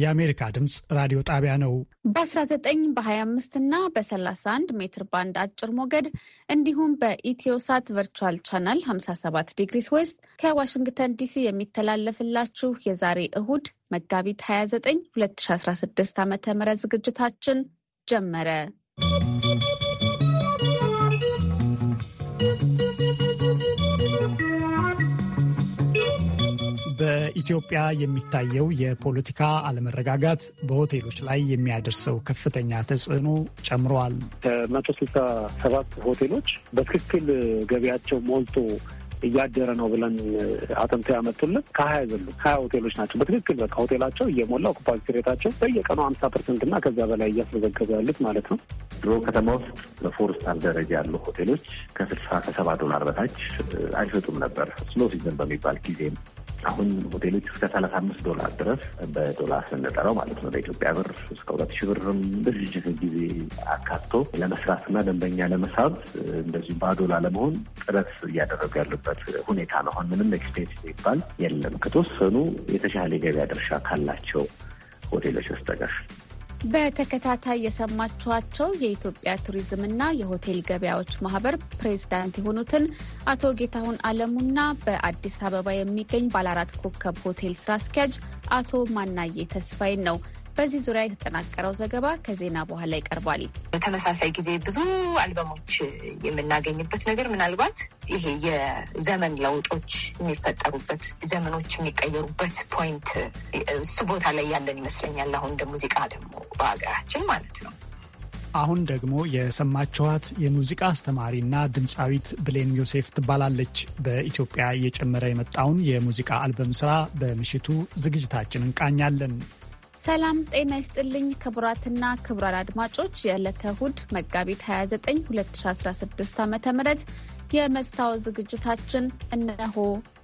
የአሜሪካ ድምፅ ራዲዮ ጣቢያ ነው። በ19 በ25 እና በ31 ሜትር ባንድ አጭር ሞገድ እንዲሁም በኢትዮሳት ቨርቹዋል ቻናል 57 ዲግሪስ ዌስት ከዋሽንግተን ዲሲ የሚተላለፍላችሁ የዛሬ እሁድ መጋቢት 29 2016 ዓ ም ዝግጅታችን ጀመረ። በኢትዮጵያ የሚታየው የፖለቲካ አለመረጋጋት በሆቴሎች ላይ የሚያደርሰው ከፍተኛ ተጽዕኖ ጨምረዋል። ከመቶ ስልሳ ሰባት ሆቴሎች በትክክል ገበያቸው ሞልቶ እያደረ ነው ብለን አጥንተው ያመጡልን ከሀያ ዘሉ ሀያ ሆቴሎች ናቸው። በትክክል በቃ ሆቴላቸው እየሞላ ኦኩፓንሲ ሬታቸው በየቀኑ ሀምሳ ፐርሰንት እና ከዚያ በላይ እያስመዘገቡ ያሉት ማለት ነው። ድሮ ከተማ ውስጥ በፎር ስታር ደረጃ ያሉ ሆቴሎች ከስልሳ ከሰባ ዶላር በታች አይሰጡም ነበር። ስሎ ሲዘን በሚባል ጊዜም አሁን ሆቴሎች እስከ ሰላሳ አምስት ዶላር ድረስ በዶላር ስንጠራው ማለት ነው በኢትዮጵያ ብር እስከ ሁለት ሺህ ብርም በዚህ ጊዜ አካቶ ለመስራትና ደንበኛ ለመሳብ እንደዚሁ ባዶላ ለመሆን ጥረት እያደረጉ ያሉበት ሁኔታ ነው። አሁን ምንም ኤክስፔንስ ይባል የለም ከተወሰኑ የተሻለ የገበያ ድርሻ ካላቸው ሆቴሎች በስተቀር በተከታታይ የሰማችኋቸው የኢትዮጵያ ቱሪዝምና የሆቴል ገበያዎች ማህበር ፕሬዝዳንት የሆኑትን አቶ ጌታሁን አለሙና በአዲስ አበባ የሚገኝ ባለአራት ኮከብ ሆቴል ስራ አስኪያጅ አቶ ማናዬ ተስፋዬን ነው። በዚህ ዙሪያ የተጠናቀረው ዘገባ ከዜና በኋላ ይቀርባል። በተመሳሳይ ጊዜ ብዙ አልበሞች የምናገኝበት ነገር ምናልባት ይሄ የዘመን ለውጦች የሚፈጠሩበት ዘመኖች የሚቀየሩበት ፖይንት እሱ ቦታ ላይ ያለን ይመስለኛል። አሁን እንደ ሙዚቃ ደግሞ በሀገራችን ማለት ነው። አሁን ደግሞ የሰማችኋት የሙዚቃ አስተማሪና ድምፃዊት ብሌን ዮሴፍ ትባላለች። በኢትዮጵያ እየጨመረ የመጣውን የሙዚቃ አልበም ስራ በምሽቱ ዝግጅታችን እንቃኛለን። ሰላም ጤና ይስጥልኝ ክቡራትና ክቡራን አድማጮች የዕለተ እሁድ መጋቢት 29 2016 ዓ ም የመስታወት ዝግጅታችን እነሆ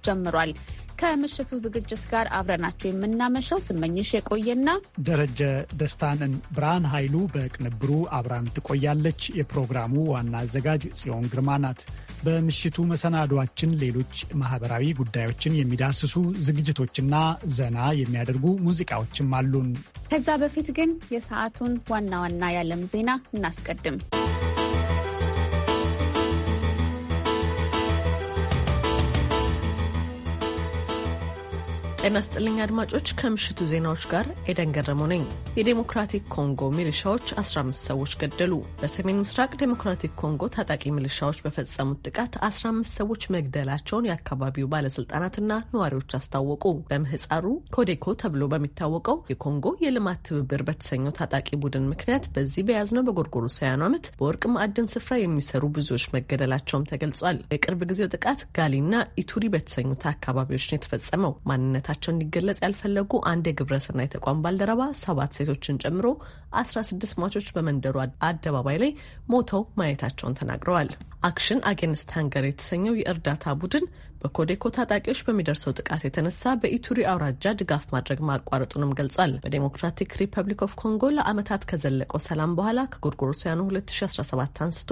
ጀምሯል። ከምሽቱ ዝግጅት ጋር አብረናቸው የምናመሸው ስመኝሽ የቆየና ደረጀ ደስታንን። ብርሃን ኃይሉ በቅንብሩ አብራን ትቆያለች። የፕሮግራሙ ዋና አዘጋጅ ጽዮን ግርማ ናት። በምሽቱ መሰናዷችን ሌሎች ማህበራዊ ጉዳዮችን የሚዳስሱ ዝግጅቶችና ዘና የሚያደርጉ ሙዚቃዎችም አሉን። ከዛ በፊት ግን የሰዓቱን ዋና ዋና የዓለም ዜና እናስቀድም። ጤና ስጥልኝ አድማጮች፣ ከምሽቱ ዜናዎች ጋር ኤደን ገረሞ ነኝ። የዴሞክራቲክ ኮንጎ ሚሊሻዎች 15 ሰዎች ገደሉ። በሰሜን ምስራቅ ዴሞክራቲክ ኮንጎ ታጣቂ ሚሊሻዎች በፈጸሙት ጥቃት 15 ሰዎች መግደላቸውን የአካባቢው ባለስልጣናትና ነዋሪዎች አስታወቁ። በምህፃሩ ኮዴኮ ተብሎ በሚታወቀው የኮንጎ የልማት ትብብር በተሰኘው ታጣቂ ቡድን ምክንያት በዚህ በያዝነው በጎርጎሮሳውያኑ ዓመት በወርቅ ማዕድን ስፍራ የሚሰሩ ብዙዎች መገደላቸውም ተገልጿል። የቅርብ ጊዜው ጥቃት ጋሊና ኢቱሪ በተሰኙት አካባቢዎች ነው የተፈጸመው ማንነት ማንነታቸው እንዲገለጽ ያልፈለጉ አንድ የግብረሰናይ ተቋም ባልደረባ ሰባት ሴቶችን ጨምሮ አስራ ስድስት ሟቾች በመንደሩ አደባባይ ላይ ሞተው ማየታቸውን ተናግረዋል። አክሽን አጌንስት ሃንገር የተሰኘው የእርዳታ ቡድን በኮዴኮ ታጣቂዎች በሚደርሰው ጥቃት የተነሳ በኢቱሪ አውራጃ ድጋፍ ማድረግ ማቋረጡንም ገልጿል። በዴሞክራቲክ ሪፐብሊክ ኦፍ ኮንጎ ለዓመታት ከዘለቀው ሰላም በኋላ ከጎርጎሮሲያኑ 2017 አንስቶ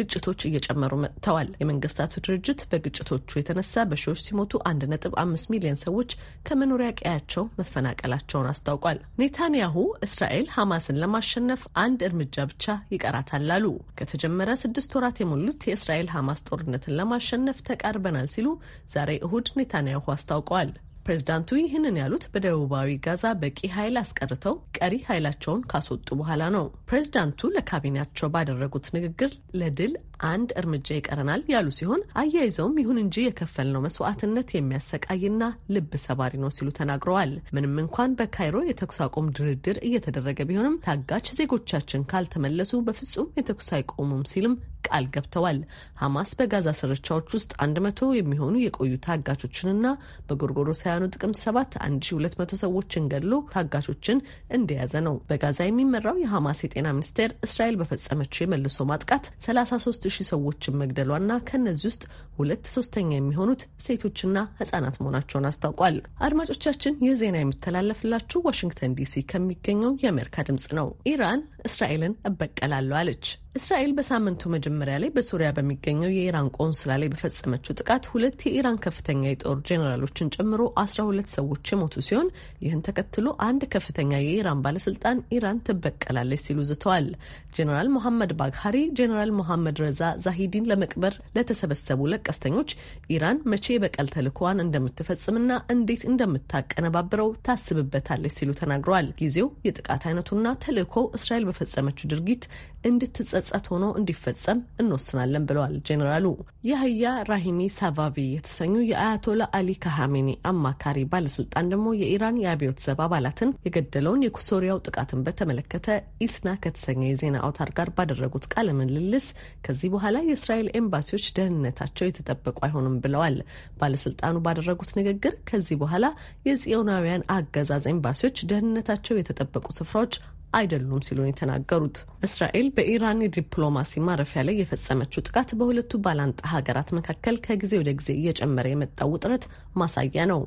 ግጭቶች እየጨመሩ መጥተዋል። የመንግስታቱ ድርጅት በግጭቶቹ የተነሳ በሺዎች ሲሞቱ 1.5 ሚሊዮን ሰዎች ከመኖሪያ ቀያቸው መፈናቀላቸውን አስታውቋል። ኔታንያሁ እስራኤል ሐማስን ለማሸነፍ አንድ እርምጃ ብቻ ይቀራታል አሉ። ከተጀመረ ስድስት ወራት የሞሉት የእስራኤል ሐማስ ጦርነትን ለማሸነፍ ተቃርበናል ሲሉ ዛሬ እሁድ ኔታንያሁ አስታውቀዋል። ፕሬዚዳንቱ ይህንን ያሉት በደቡባዊ ጋዛ በቂ ኃይል አስቀርተው ቀሪ ኃይላቸውን ካስወጡ በኋላ ነው። ፕሬዚዳንቱ ለካቢኔያቸው ባደረጉት ንግግር ለድል አንድ እርምጃ ይቀረናል ያሉ ሲሆን አያይዘውም ይሁን እንጂ የከፈልነው መስዋዕትነት የሚያሰቃይና ልብ ሰባሪ ነው ሲሉ ተናግረዋል። ምንም እንኳን በካይሮ የተኩስ አቁም ድርድር እየተደረገ ቢሆንም ታጋች ዜጎቻችን ካልተመለሱ በፍጹም የተኩስ አይቆሙም ሲልም ቃል ገብተዋል። ሐማስ በጋዛ ስርቻዎች ውስጥ አንድ መቶ የሚሆኑ የቆዩ ታጋቾችንና በጎርጎሮሳውያኑ ጥቅምት ሰባት አንድ ሺ ሁለት መቶ ሰዎችን ገድሎ ታጋቾችን እንደያዘ ነው። በጋዛ የሚመራው የሐማስ የጤና ሚኒስቴር እስራኤል በፈጸመችው የመልሶ ማጥቃት ሰላሳ ሶስት ሺ ሺህ ሰዎችን መግደሏና ከእነዚህ ውስጥ ሁለት ሶስተኛ የሚሆኑት ሴቶችና ህጻናት መሆናቸውን አስታውቋል። አድማጮቻችን ይህ ዜና የሚተላለፍላችሁ ዋሽንግተን ዲሲ ከሚገኘው የአሜሪካ ድምጽ ነው። ኢራን እስራኤልን እበቀላለሁ አለች። እስራኤል በሳምንቱ መጀመሪያ ላይ በሱሪያ በሚገኘው የኢራን ቆንስላ ላይ በፈጸመችው ጥቃት ሁለት የኢራን ከፍተኛ የጦር ጄኔራሎችን ጨምሮ አስራ ሁለት ሰዎች የሞቱ ሲሆን ይህን ተከትሎ አንድ ከፍተኛ የኢራን ባለስልጣን ኢራን ትበቀላለች ሲሉ ዝተዋል። ጄኔራል ሞሐመድ ባግሃሪ ጄኔራል ሞሐመድ ረዛ ዛሂዲን ለመቅበር ለተሰበሰቡ ለቀስተኞች ኢራን መቼ የበቀል ተልእኮዋን እንደምትፈጽምና እንዴት እንደምታቀነባብረው ታስብበታለች ሲሉ ተናግረዋል። ጊዜው የጥቃት አይነቱና ተልእኮው እስራኤል በፈጸመችው ድርጊት እንድትጸጸት ሆኖ እንዲፈጸም እንወስናለን ብለዋል ጄኔራሉ። የህያ ራሂሚ ሳቫቢ የተሰኙ የአያቶላ አሊ ካሃሜኒ አማካሪ ባለስልጣን ደግሞ የኢራን የአብዮት ዘብ አባላትን የገደለውን የኩሶሪያው ጥቃትን በተመለከተ ኢስና ከተሰኘ የዜና አውታር ጋር ባደረጉት ቃለ ምልልስ ከዚህ በኋላ የእስራኤል ኤምባሲዎች ደህንነታቸው የተጠበቁ አይሆንም ብለዋል። ባለስልጣኑ ባደረጉት ንግግር ከዚህ በኋላ የጽዮናውያን አገዛዝ ኤምባሲዎች ደህንነታቸው የተጠበቁ ስፍራዎች አይደሉም ሲሉን የተናገሩት እስራኤል በኢራን የዲፕሎማሲ ማረፊያ ላይ የፈጸመችው ጥቃት በሁለቱ ባላንጣ ሀገራት መካከል ከጊዜ ወደ ጊዜ እየጨመረ የመጣው ውጥረት ማሳያ ነው።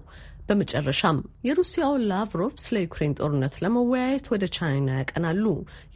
በመጨረሻም የሩሲያው ላቭሮቭ ስለ ዩክሬን ጦርነት ለመወያየት ወደ ቻይና ያቀናሉ።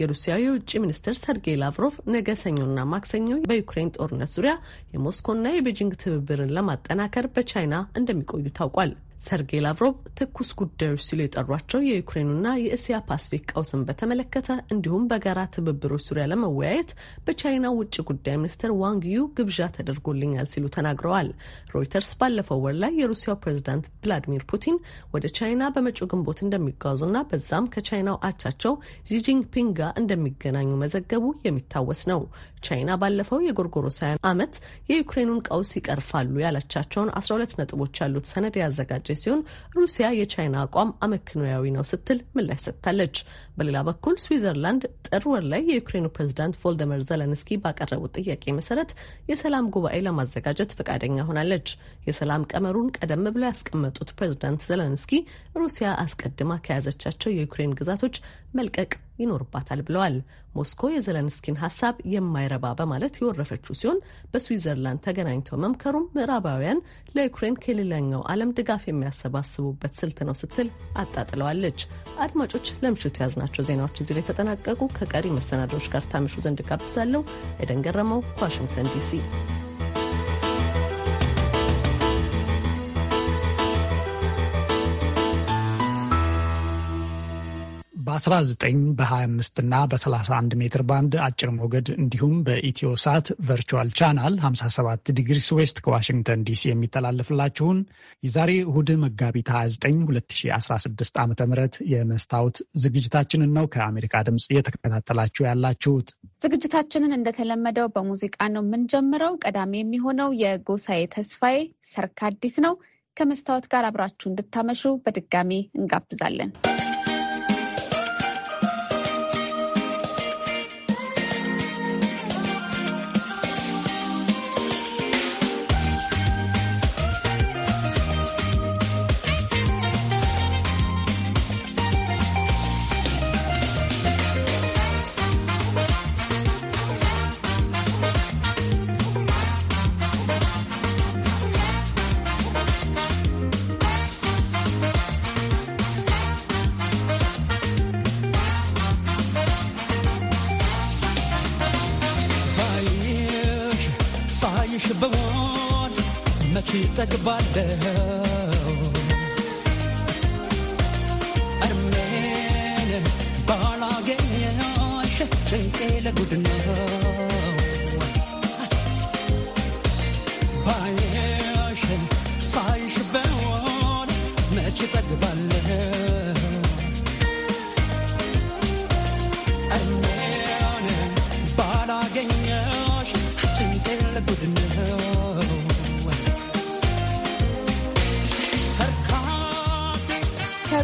የሩሲያ የውጭ ሚኒስትር ሰርጌይ ላቭሮቭ ነገ ሰኞና ማክሰኞ በዩክሬን ጦርነት ዙሪያ የሞስኮና የቤጂንግ ትብብርን ለማጠናከር በቻይና እንደሚቆዩ ታውቋል። ሰርጌይ ላቭሮቭ ትኩስ ጉዳዮች ሲሉ የጠሯቸው የዩክሬኑና የእስያ ፓስፊክ ቀውስን በተመለከተ እንዲሁም በጋራ ትብብሮች ዙሪያ ለመወያየት በቻይና ውጭ ጉዳይ ሚኒስትር ዋንግ ዩ ግብዣ ተደርጎልኛል ሲሉ ተናግረዋል። ሮይተርስ ባለፈው ወር ላይ የሩሲያው ፕሬዝዳንት ቭላዲሚር ፑቲን ወደ ቻይና በመጪው ግንቦት እንደሚጓዙና በዛም ከቻይናው አቻቸው ዢጂንፒንግ ጋር እንደሚገናኙ መዘገቡ የሚታወስ ነው። ቻይና ባለፈው የጎርጎሮሳውያን ዓመት የዩክሬኑን ቀውስ ይቀርፋሉ ያለቻቸውን 12 ነጥቦች ያሉት ሰነድ ያዘጋጀ ሲሆን ሩሲያ የቻይና አቋም አመክንያዊ ነው ስትል ምላሽ ሰጥታለች። በሌላ በኩል ስዊዘርላንድ ጥር ወር ላይ የዩክሬኑ ፕሬዚዳንት ቮልደመር ዘለንስኪ ባቀረቡት ጥያቄ መሰረት የሰላም ጉባኤ ለማዘጋጀት ፈቃደኛ ሆናለች። የሰላም ቀመሩን ቀደም ብለው ያስቀመጡት ፕሬዚዳንት ዘለንስኪ ሩሲያ አስቀድማ ከያዘቻቸው የዩክሬን ግዛቶች መልቀቅ ይኖርባታል ብለዋል። ሞስኮ የዘለንስኪን ሀሳብ የማይረባ በማለት የወረፈችው ሲሆን በስዊዘርላንድ ተገናኝተው መምከሩም ምዕራባውያን ለዩክሬን ከሌላኛው ዓለም ድጋፍ የሚያሰባስቡበት ስልት ነው ስትል አጣጥለዋለች። አድማጮች፣ ለምሽቱ የያዝናቸው ዜናዎች እዚህ ላይ ተጠናቀቁ። ከቀሪ መሰናዶዎች ጋር ታምሹ ዘንድ ጋብዛለሁ። ኤደን ገረመው ከዋሽንግተን ዲሲ በ19 በ25 ና በ31 ሜትር ባንድ አጭር ሞገድ እንዲሁም በኢትዮ ሳት ቨርቹዋል ቻናል 57 ዲግሪስ ዌስት ከዋሽንግተን ዲሲ የሚተላለፍላችሁን የዛሬ እሁድ መጋቢት 29 2016 ዓ ም የመስታወት ዝግጅታችንን ነው ከአሜሪካ ድምፅ እየተከታተላችሁ ያላችሁት። ዝግጅታችንን እንደተለመደው በሙዚቃ ነው የምንጀምረው። ቀዳሚ የሚሆነው የጎሳዬ ተስፋዬ ሰርክ አዲስ ነው። ከመስታወት ጋር አብራችሁ እንድታመሹ በድጋሚ እንጋብዛለን።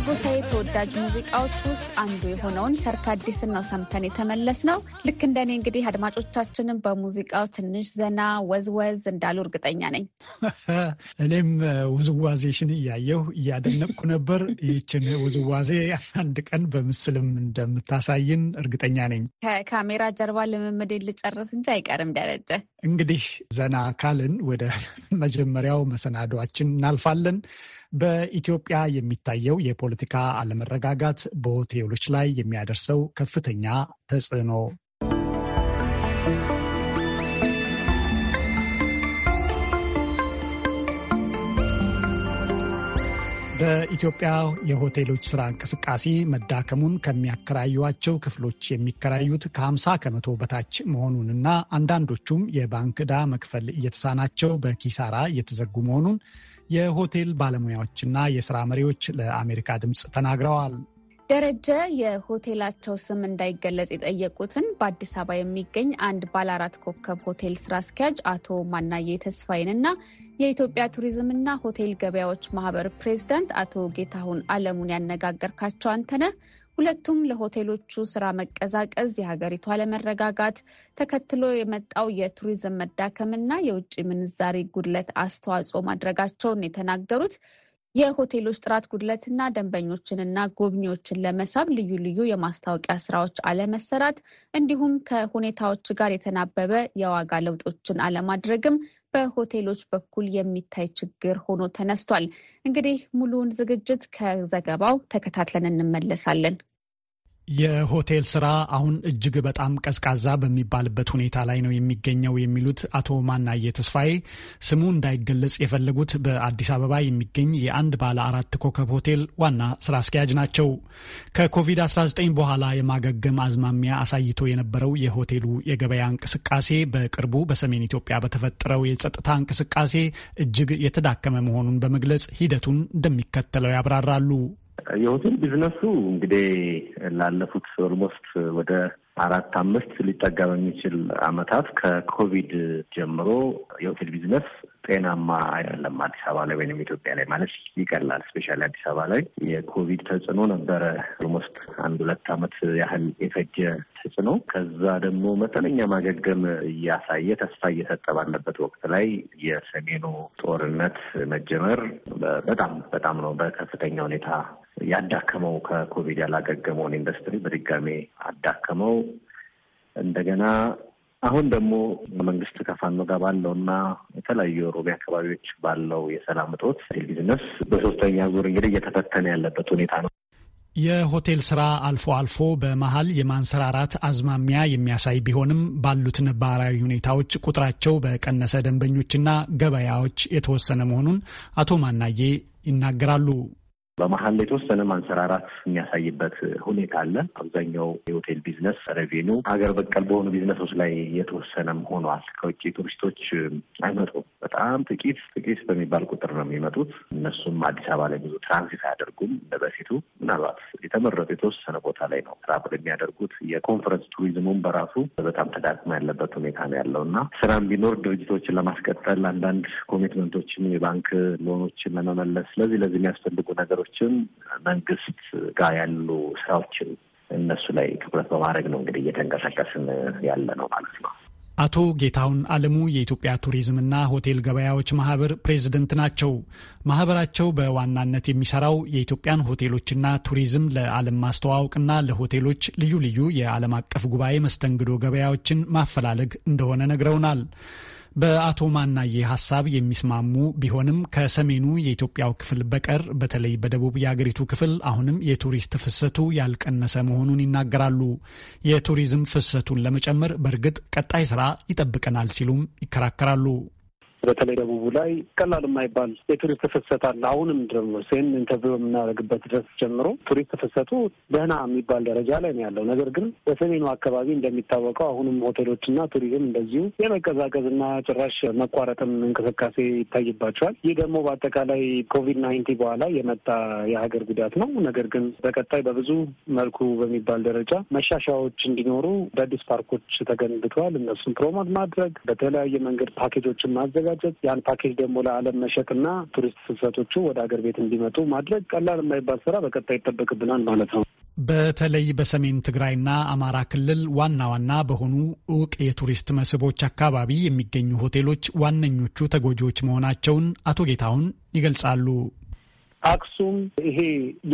ከጎሳዬ ተወዳጅ ሙዚቃዎች ውስጥ አንዱ የሆነውን ሰርክ አዲስን ነው ሰምተን የተመለስ ነው። ልክ እንደኔ እንግዲህ አድማጮቻችንም በሙዚቃው ትንሽ ዘና ወዝወዝ እንዳሉ እርግጠኛ ነኝ። እኔም ውዝዋዜሽን እያየሁ እያደነቅኩ ነበር። ይህችን ውዝዋዜ አንድ ቀን በምስልም እንደምታሳይን እርግጠኛ ነኝ። ከካሜራ ጀርባ ልምምድ ልጨርስ እንጂ አይቀርም። ደረጀ እንግዲህ ዘና ካልን ወደ መጀመሪያው መሰናዷችን እናልፋለን። በኢትዮጵያ የሚታየው የፖለቲካ አለመረጋጋት በሆቴሎች ላይ የሚያደርሰው ከፍተኛ ተጽዕኖ በኢትዮጵያ የሆቴሎች ስራ እንቅስቃሴ መዳከሙን ከሚያከራዩቸው ክፍሎች የሚከራዩት ከ50 ከመቶ በታች መሆኑንና አንዳንዶቹም የባንክ ዕዳ መክፈል እየተሳናቸው በኪሳራ እየተዘጉ መሆኑን የሆቴል ባለሙያዎችና የስራ መሪዎች ለአሜሪካ ድምፅ ተናግረዋል። ደረጀ የሆቴላቸው ስም እንዳይገለጽ የጠየቁትን በአዲስ አበባ የሚገኝ አንድ ባለአራት ኮከብ ሆቴል ስራ አስኪያጅ አቶ ማናዬ እና የኢትዮጵያ ቱሪዝምና ሆቴል ገበያዎች ማህበር ፕሬዚዳንት አቶ ጌታሁን አለሙን ያነጋገርካቸው አንተነህ ሁለቱም ለሆቴሎቹ ስራ መቀዛቀዝ፣ የሀገሪቱ አለመረጋጋት ተከትሎ የመጣው የቱሪዝም መዳከምና የውጭ ምንዛሪ ጉድለት አስተዋጽኦ ማድረጋቸውን የተናገሩት የሆቴሎች ጥራት ጉድለትና ደንበኞችንና ጎብኚዎችን ለመሳብ ልዩ ልዩ የማስታወቂያ ስራዎች አለመሰራት እንዲሁም ከሁኔታዎች ጋር የተናበበ የዋጋ ለውጦችን አለማድረግም በሆቴሎች በኩል የሚታይ ችግር ሆኖ ተነስቷል። እንግዲህ ሙሉውን ዝግጅት ከዘገባው ተከታትለን እንመለሳለን። የሆቴል ስራ አሁን እጅግ በጣም ቀዝቃዛ በሚባልበት ሁኔታ ላይ ነው የሚገኘው የሚሉት አቶ ማናየ ተስፋዬ ስሙ እንዳይገለጽ የፈለጉት በአዲስ አበባ የሚገኝ የአንድ ባለ አራት ኮከብ ሆቴል ዋና ስራ አስኪያጅ ናቸው። ከኮቪድ-19 በኋላ የማገገም አዝማሚያ አሳይቶ የነበረው የሆቴሉ የገበያ እንቅስቃሴ በቅርቡ በሰሜን ኢትዮጵያ በተፈጠረው የጸጥታ እንቅስቃሴ እጅግ የተዳከመ መሆኑን በመግለጽ ሂደቱን እንደሚከተለው ያብራራሉ። የሆቴል ቢዝነሱ እንግዲህ ላለፉት ኦልሞስት ወደ አራት አምስት ሊጠጋ በሚችል አመታት ከኮቪድ ጀምሮ የሆቴል ቢዝነስ ጤናማ አይደለም። አዲስ አበባ ላይ ወይም ኢትዮጵያ ላይ ማለት ይቀላል። ስፔሻሊ አዲስ አበባ ላይ የኮቪድ ተጽዕኖ ነበረ። ኦልሞስት አንድ ሁለት ዓመት ያህል የፈጀ ተጽዕኖ፣ ከዛ ደግሞ መጠነኛ ማገገም እያሳየ ተስፋ እየሰጠ ባለበት ወቅት ላይ የሰሜኑ ጦርነት መጀመር በጣም በጣም ነው በከፍተኛ ሁኔታ ያዳከመው ከኮቪድ ያላገገመውን ኢንዱስትሪ በድጋሜ አዳከመው። እንደገና አሁን ደግሞ መንግስት ከፋኖ ጋር ባለው እና የተለያዩ የኦሮሚያ አካባቢዎች ባለው የሰላም እጦት ሆቴል ቢዝነስ በሶስተኛ ዙር እንግዲህ እየተፈተነ ያለበት ሁኔታ ነው። የሆቴል ስራ አልፎ አልፎ በመሀል የማንሰራራት አዝማሚያ የሚያሳይ ቢሆንም ባሉት ነባራዊ ሁኔታዎች ቁጥራቸው በቀነሰ ደንበኞችና ገበያዎች የተወሰነ መሆኑን አቶ ማናዬ ይናገራሉ። በመሀል ላይ የተወሰነ ማንሰራራት የሚያሳይበት ሁኔታ አለ። አብዛኛው የሆቴል ቢዝነስ ረቬኒ ሀገር በቀል በሆኑ ቢዝነሶች ላይ የተወሰነም ሆኗል። ከውጭ ቱሪስቶች አይመጡም። በጣም ጥቂት ጥቂት በሚባል ቁጥር ነው የሚመጡት። እነሱም አዲስ አበባ ላይ ብዙ ትራንዚት አያደርጉም። እንደ በፊቱ ምናልባት የተመረጡ የተወሰነ ቦታ ላይ ነው ትራቭል የሚያደርጉት። የኮንፈረንስ ቱሪዝሙም በራሱ በጣም ተዳክሞ ያለበት ሁኔታ ነው ያለው እና ስራም ቢኖር ድርጅቶችን ለማስቀጠል አንዳንድ ኮሚትመንቶችን፣ የባንክ ሎኖችን ለመመለስ ለዚህ ለዚህ የሚያስፈልጉ ነገሮች ችግሮችን መንግስት ጋር ያሉ ስራዎችን እነሱ ላይ ትኩረት በማድረግ ነው እንግዲህ እየተንቀሳቀስን ያለ ነው ማለት ነው። አቶ ጌታሁን አለሙ የኢትዮጵያ ቱሪዝምና ሆቴል ገበያዎች ማህበር ፕሬዝደንት ናቸው። ማህበራቸው በዋናነት የሚሰራው የኢትዮጵያን ሆቴሎችና ቱሪዝም ለዓለም ማስተዋወቅና ለሆቴሎች ልዩ ልዩ የዓለም አቀፍ ጉባኤ መስተንግዶ ገበያዎችን ማፈላለግ እንደሆነ ነግረውናል። በአቶ ማናዬ ሀሳብ የሚስማሙ ቢሆንም ከሰሜኑ የኢትዮጵያው ክፍል በቀር በተለይ በደቡብ የአገሪቱ ክፍል አሁንም የቱሪስት ፍሰቱ ያልቀነሰ መሆኑን ይናገራሉ። የቱሪዝም ፍሰቱን ለመጨመር በእርግጥ ቀጣይ ስራ ይጠብቀናል ሲሉም ይከራከራሉ። በተለይ ደቡቡ ላይ ቀላል የማይባል የቱሪስት ፍሰት አለ። አሁንም ድረስ ይህን ኢንተርቪው የምናደርግበት ድረስ ጀምሮ ቱሪስት ፍሰቱ ደህና የሚባል ደረጃ ላይ ነው ያለው። ነገር ግን በሰሜኑ አካባቢ እንደሚታወቀው አሁንም ሆቴሎችና ቱሪዝም እንደዚሁ የመቀዛቀዝና ጭራሽ መቋረጥም እንቅስቃሴ ይታይባቸዋል። ይህ ደግሞ በአጠቃላይ ኮቪድ ናይንቲን በኋላ የመጣ የሀገር ጉዳት ነው። ነገር ግን በቀጣይ በብዙ መልኩ በሚባል ደረጃ መሻሻዎች እንዲኖሩ አዳዲስ ፓርኮች ተገንብተዋል። እነሱን ፕሮሞት ማድረግ በተለያየ መንገድ ፓኬጆችን ማዘጋ ማዘጋጀት ያን ፓኬጅ ደግሞ ለዓለም መሸጥና ቱሪስት ፍሰቶቹ ወደ ሀገር ቤት እንዲመጡ ማድረግ ቀላል የማይባል ስራ በቀጣይ ይጠበቅብናል ማለት ነው። በተለይ በሰሜን ትግራይና አማራ ክልል ዋና ዋና በሆኑ እውቅ የቱሪስት መስህቦች አካባቢ የሚገኙ ሆቴሎች ዋነኞቹ ተጎጂዎች መሆናቸውን አቶ ጌታሁን ይገልጻሉ። አክሱም ይሄ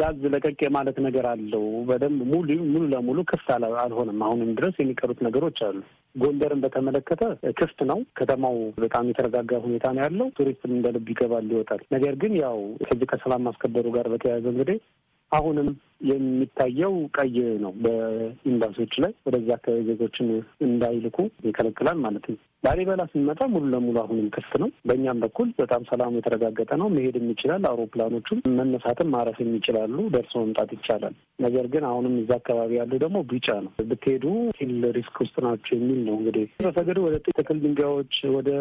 ያዝ ለቀቅ የማለት ነገር አለው። በደንብ ሙሉ ሙሉ ለሙሉ ክፍት አልሆነም። አሁንም ድረስ የሚቀሩት ነገሮች አሉ። ጎንደርን በተመለከተ ክፍት ነው። ከተማው በጣም የተረጋጋ ሁኔታ ነው ያለው። ቱሪስትም እንደ ልብ ይገባል ይወጣል። ነገር ግን ያው ከዚህ ከሰላም ማስከበሩ ጋር በተያያዘ እንግዲህ አሁንም የሚታየው ቀይ ነው። በኤምባሲዎች ላይ ወደዛ አካባቢ ዜጎችን እንዳይልኩ ይከለክላል ማለት ነው። ላሊበላ ስንመጣ ሙሉ ለሙሉ አሁንም ክፍት ነው። በእኛም በኩል በጣም ሰላሙ የተረጋገጠ ነው። መሄድም ይችላል። አውሮፕላኖቹም መነሳትም ማረፍም ይችላሉ። ደርሶ መምጣት ይቻላል። ነገር ግን አሁንም እዛ አካባቢ ያሉ ደግሞ ቢጫ ነው። ብትሄዱ ሂል ሪስክ ውስጥ ናቸው የሚል ነው። እንግዲህ በሰገዱ ወደ ትክል ድንጋዮች፣ ወደ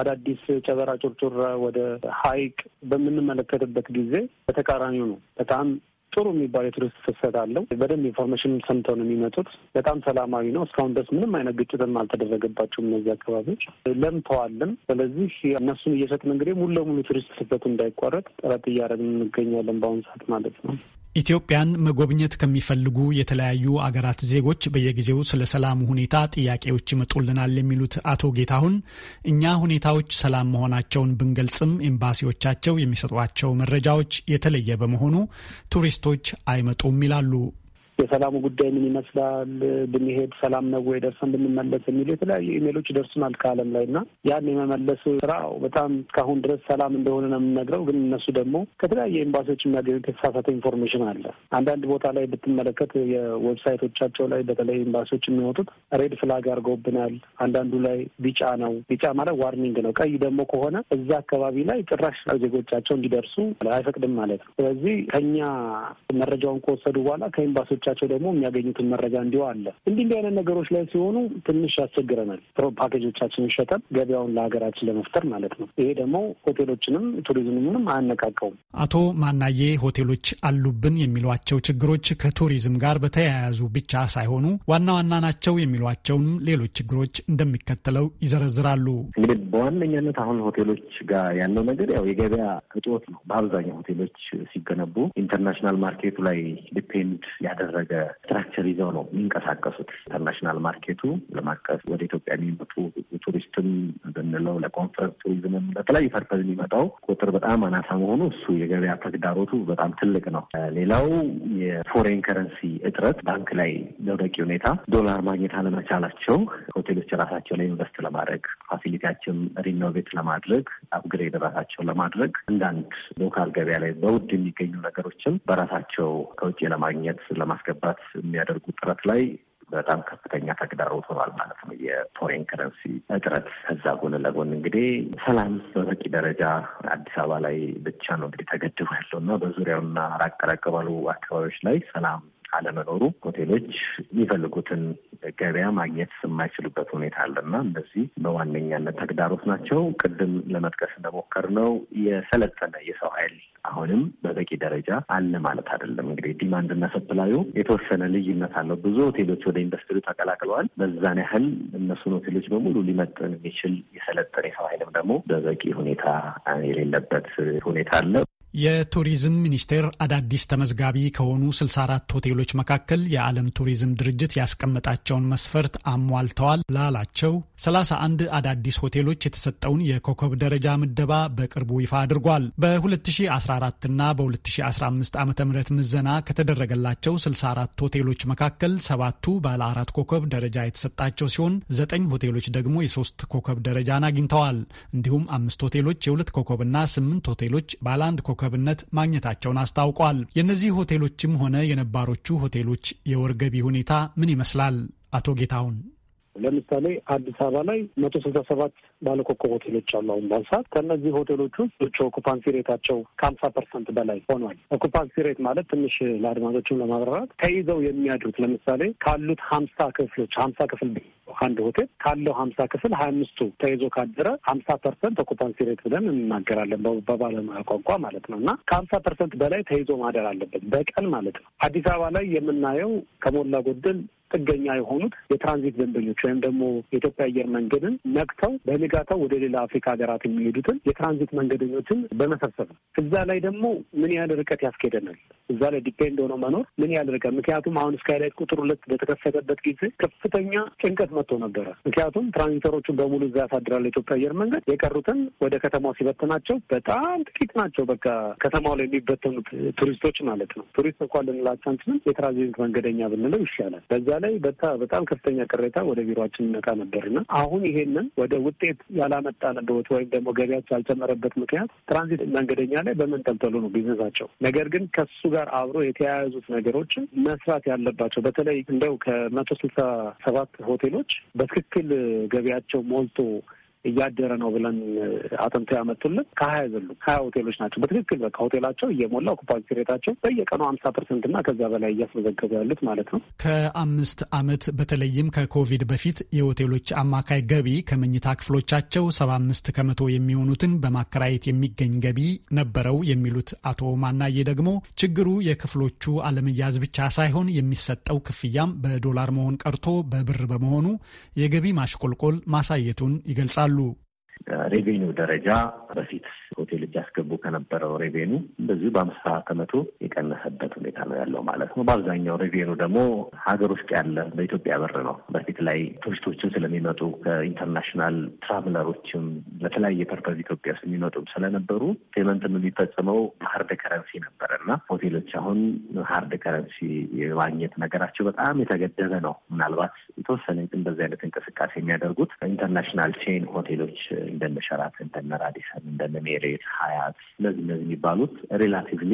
አዳዲስ ጨበራ ጮርጮራ፣ ወደ ሀይቅ በምንመለከትበት ጊዜ በተቃራኒው ነው በጣም ጥሩ የሚባል የቱሪስት ፍሰት አለው። በደንብ ኢንፎርሜሽን ሰምተው ነው የሚመጡት። በጣም ሰላማዊ ነው። እስካሁን ድረስ ምንም አይነት ግጭትም አልተደረገባቸውም እነዚህ አካባቢዎች ለምተዋልም። ስለዚህ እነሱን እየሰጥን እንግዲህ ሙሉ ለሙሉ ቱሪስት ፍሰቱ እንዳይቋረጥ ጥረት እያደረግን እንገኛለን በአሁኑ ሰዓት ማለት ነው። ኢትዮጵያን መጎብኘት ከሚፈልጉ የተለያዩ አገራት ዜጎች በየጊዜው ስለ ሰላም ሁኔታ ጥያቄዎች ይመጡልናል የሚሉት አቶ ጌታሁን እኛ ሁኔታዎች ሰላም መሆናቸውን ብንገልጽም ኤምባሲዎቻቸው የሚሰጧቸው መረጃዎች የተለየ በመሆኑ ቱሪስት ቱሪስቶች አይመጡም ይላሉ። የሰላሙ ጉዳይ ምን ይመስላል፣ ብንሄድ ሰላም ነው ወይ፣ ደርሰን ብንመለስ የሚሉ የተለያዩ ኢሜሎች ደርሱናል ከአለም ላይ እና ያን የመመለስ ስራ በጣም እስካሁን ድረስ ሰላም እንደሆነ ነው የምንነግረው። ግን እነሱ ደግሞ ከተለያየ ኤምባሲዎች የሚያገኙት የተሳሳተ ኢንፎርሜሽን አለ። አንዳንድ ቦታ ላይ ብትመለከት የዌብሳይቶቻቸው ላይ በተለይ ኤምባሲዎች የሚወጡት ሬድ ፍላግ አድርገውብናል። አንዳንዱ ላይ ቢጫ ነው። ቢጫ ማለት ዋርኒንግ ነው። ቀይ ደግሞ ከሆነ እዛ አካባቢ ላይ ጭራሽ ዜጎቻቸው እንዲደርሱ አይፈቅድም ማለት ነው። ስለዚህ ከኛ መረጃውን ከወሰዱ በኋላ ከኤምባሲዎች ተወካዮቻቸው ደግሞ የሚያገኙትን መረጃ እንዲሁ አለ። እንዲህ እንዲህ አይነት ነገሮች ላይ ሲሆኑ ትንሽ ያስቸግረናል። ፓኬጆቻችንን ሸጠን ገበያውን ለሀገራችን ለመፍጠር ማለት ነው። ይሄ ደግሞ ሆቴሎችንም ቱሪዝምንም አያነቃቀውም። አቶ ማናዬ ሆቴሎች አሉብን የሚሏቸው ችግሮች ከቱሪዝም ጋር በተያያዙ ብቻ ሳይሆኑ ዋና ዋና ናቸው የሚሏቸውንም ሌሎች ችግሮች እንደሚከተለው ይዘረዝራሉ። እንግዲህ በዋነኛነት አሁን ሆቴሎች ጋር ያለው ነገር ያው የገበያ እጦት ነው። በአብዛኛው ሆቴሎች ሲገነቡ ኢንተርናሽናል ማርኬቱ ላይ ዲፔንድ ያደረ የተደረገ ስትራክቸር ይዘው ነው የሚንቀሳቀሱት። ኢንተርናሽናል ማርኬቱ ለማቀፍ ወደ ኢትዮጵያ የሚመጡ ቱሪስትም ብንለው ለኮንፈረንስ ቱሪዝምም ለተለያዩ ፐርፐዝ የሚመጣው ቁጥር በጣም አናሳ መሆኑ እሱ የገበያ ተግዳሮቱ በጣም ትልቅ ነው። ሌላው የፎሬን ከረንሲ እጥረት ባንክ ላይ በበቂ ሁኔታ ዶላር ማግኘት አለመቻላቸው ሆቴሎች ራሳቸው ላይ ኢንቨስት ለማድረግ ፋሲሊቲያችን ሪኖቬት ለማድረግ አፕግሬድ ራሳቸው ለማድረግ አንዳንድ ሎካል ገበያ ላይ በውድ የሚገኙ ነገሮችም በራሳቸው ከውጭ ለማግኘት ለማስ ለማስገባት የሚያደርጉ ጥረት ላይ በጣም ከፍተኛ ተግዳሮት ሆኗል ማለት ነው። የፎሬን ከረንሲ እጥረት ከዛ ጎን ለጎን እንግዲህ ሰላም በበቂ ደረጃ አዲስ አበባ ላይ ብቻ ነው እንግዲህ ተገድቦ ያለው እና በዙሪያውና ራቅ ራቅ ባሉ አካባቢዎች ላይ ሰላም አለመኖሩ ሆቴሎች የሚፈልጉትን ገበያ ማግኘት የማይችሉበት ሁኔታ አለና እንደዚህ በዋነኛነት ተግዳሮት ናቸው። ቅድም ለመጥቀስ ነው የሰለጠነ የሰው ኃይል አሁንም በበቂ ደረጃ አለ ማለት አይደለም። እንግዲህ እና ሰፕላዩ የተወሰነ ልዩነት አለው። ብዙ ሆቴሎች ወደ ኢንዱስትሪው ተቀላቅለዋል። በዛን ያህል እነሱን ሆቴሎች በሙሉ ሊመጥን የሚችል የሰለጠነ የሰው ኃይልም ደግሞ በበቂ ሁኔታ የሌለበት ሁኔታ አለ። የቱሪዝም ሚኒስቴር አዳዲስ ተመዝጋቢ ከሆኑ 64 ሆቴሎች መካከል የዓለም ቱሪዝም ድርጅት ያስቀመጣቸውን መስፈርት አሟልተዋል ላላቸው 31 አዳዲስ ሆቴሎች የተሰጠውን የኮከብ ደረጃ ምደባ በቅርቡ ይፋ አድርጓል። በ2014 እና በ2015 ዓ ም ምዘና ከተደረገላቸው 64 ሆቴሎች መካከል ሰባቱ ባለ አራት ኮከብ ደረጃ የተሰጣቸው ሲሆን ዘጠኝ ሆቴሎች ደግሞ የሶስት ኮከብ ደረጃን አግኝተዋል። እንዲሁም አምስት ሆቴሎች የሁለት ኮከብና ስምንት ሆቴሎች ባለ አንድ ኮከብ ኮከብነት ማግኘታቸውን አስታውቋል። የእነዚህ ሆቴሎችም ሆነ የነባሮቹ ሆቴሎች የወር ገቢ ሁኔታ ምን ይመስላል? አቶ ጌታሁን ለምሳሌ አዲስ አበባ ላይ መቶ ስልሳ ሰባት ባለኮከብ ሆቴሎች አሉ። አሁን ሰዓት ከእነዚህ ሆቴሎች ውስጥ ኦኩፓንሲ ሬታቸው ከሀምሳ ፐርሰንት በላይ ሆኗል። ኦኩፓንሲ ሬት ማለት ትንሽ ለአድማጮችም ለማብራራት ተይዘው የሚያድሩት ለምሳሌ ካሉት ሀምሳ ክፍሎች ሀምሳ ክፍል አንድ ሆቴል ካለው ሀምሳ ክፍል ሀያ አምስቱ ተይዞ ካደረ ሀምሳ ፐርሰንት ኦኩፓንሲ ሬት ብለን እንናገራለን በባለሙያ ቋንቋ ማለት ነው። እና ከሀምሳ ፐርሰንት በላይ ተይዞ ማደር አለበት በቀን ማለት ነው። አዲስ አበባ ላይ የምናየው ከሞላ ጎደል ጥገኛ የሆኑት የትራንዚት ደንበኞች ወይም ደግሞ የኢትዮጵያ አየር መንገድን ነቅተው በንጋታው ወደ ሌላ አፍሪካ ሀገራት የሚሄዱትን የትራንዚት መንገደኞችን በመሰብሰብ ነው። እዛ ላይ ደግሞ ምን ያህል ርቀት ያስኬደናል? እዛ ላይ ዲፔንድ ሆነው መኖር ምን ያህል ርቀት? ምክንያቱም አሁን ስካይላይት ቁጥር ሁለት በተከፈተበት ጊዜ ከፍተኛ ጭንቀት መጥቶ ነበረ። ምክንያቱም ትራንዚተሮቹን በሙሉ እዛ ያሳድራል የኢትዮጵያ አየር መንገድ። የቀሩትን ወደ ከተማው ሲበትናቸው በጣም ጥቂት ናቸው። በቃ ከተማው ላይ የሚበተኑት ቱሪስቶች ማለት ነው። ቱሪስት እንኳን ልንላቸው አንችልም። የትራንዚት መንገደኛ ብንለው ይሻላል። በዛ ላይ በጣም ከፍተኛ ቅሬታ ወደ ቢሮችን ይመጣ ነበርና አሁን ይሄንን ወደ ውጤት ያላመጣንበት ወይም ደግሞ ገቢያቸው ያልጨመረበት ምክንያት ትራንዚት መንገደኛ ላይ በመንጠልጠሉ ነው ቢዝነሳቸው። ነገር ግን ከሱ ጋር አብሮ የተያያዙት ነገሮችን መስራት ያለባቸው በተለይ እንደው ከመቶ ስልሳ ሰባት ሆቴሎች በትክክል ገበያቸው ሞልቶ እያደረ ነው ብለን አጥንቶ ያመጡልን ከሀያ ዘሉ ከሀያ ሆቴሎች ናቸው። በትክክል በቃ ሆቴላቸው እየሞላ ኦኩፓንሲ ሬታቸው በየቀኑ ሀምሳ ፐርሰንት እና ከዚያ በላይ እያስመዘገቡ ያሉት ማለት ነው። ከአምስት አመት በተለይም ከኮቪድ በፊት የሆቴሎች አማካይ ገቢ ከመኝታ ክፍሎቻቸው ሰባ አምስት ከመቶ የሚሆኑትን በማከራየት የሚገኝ ገቢ ነበረው የሚሉት አቶ ማናዬ ደግሞ ችግሩ የክፍሎቹ አለመያዝ ብቻ ሳይሆን የሚሰጠው ክፍያም በዶላር መሆን ቀርቶ በብር በመሆኑ የገቢ ማሽቆልቆል ማሳየቱን ይገልጻሉ። lo ሬቬኒ ደረጃ በፊት ሆቴሎች ያስገቡ ከነበረው ሬቬኒ እንደዚሁ በአምሳ ከመቶ የቀነሰበት ሁኔታ ነው ያለው ማለት ነው። በአብዛኛው ሬቬኑ ደግሞ ሀገር ውስጥ ያለ በኢትዮጵያ ብር ነው። በፊት ላይ ቱሪስቶችም ስለሚመጡ ከኢንተርናሽናል ትራቭለሮችም ለተለያየ ፐርፐዝ ኢትዮጵያ ውስጥ የሚመጡም ስለነበሩ ፔመንትም የሚፈጽመው ሀርድ ከረንሲ ነበር እና ሆቴሎች አሁን ሀርድ ከረንሲ የማግኘት ነገራቸው በጣም የተገደበ ነው። ምናልባት የተወሰነ እንደዚህ አይነት እንቅስቃሴ የሚያደርጉት ኢንተርናሽናል ቼን ሆቴሎች እንደነ ሸራት እንደነ ራዲሰን፣ እንደነ ሜሬት፣ ሀያት እነዚህ እነዚህ የሚባሉት ሬላቲቭሊ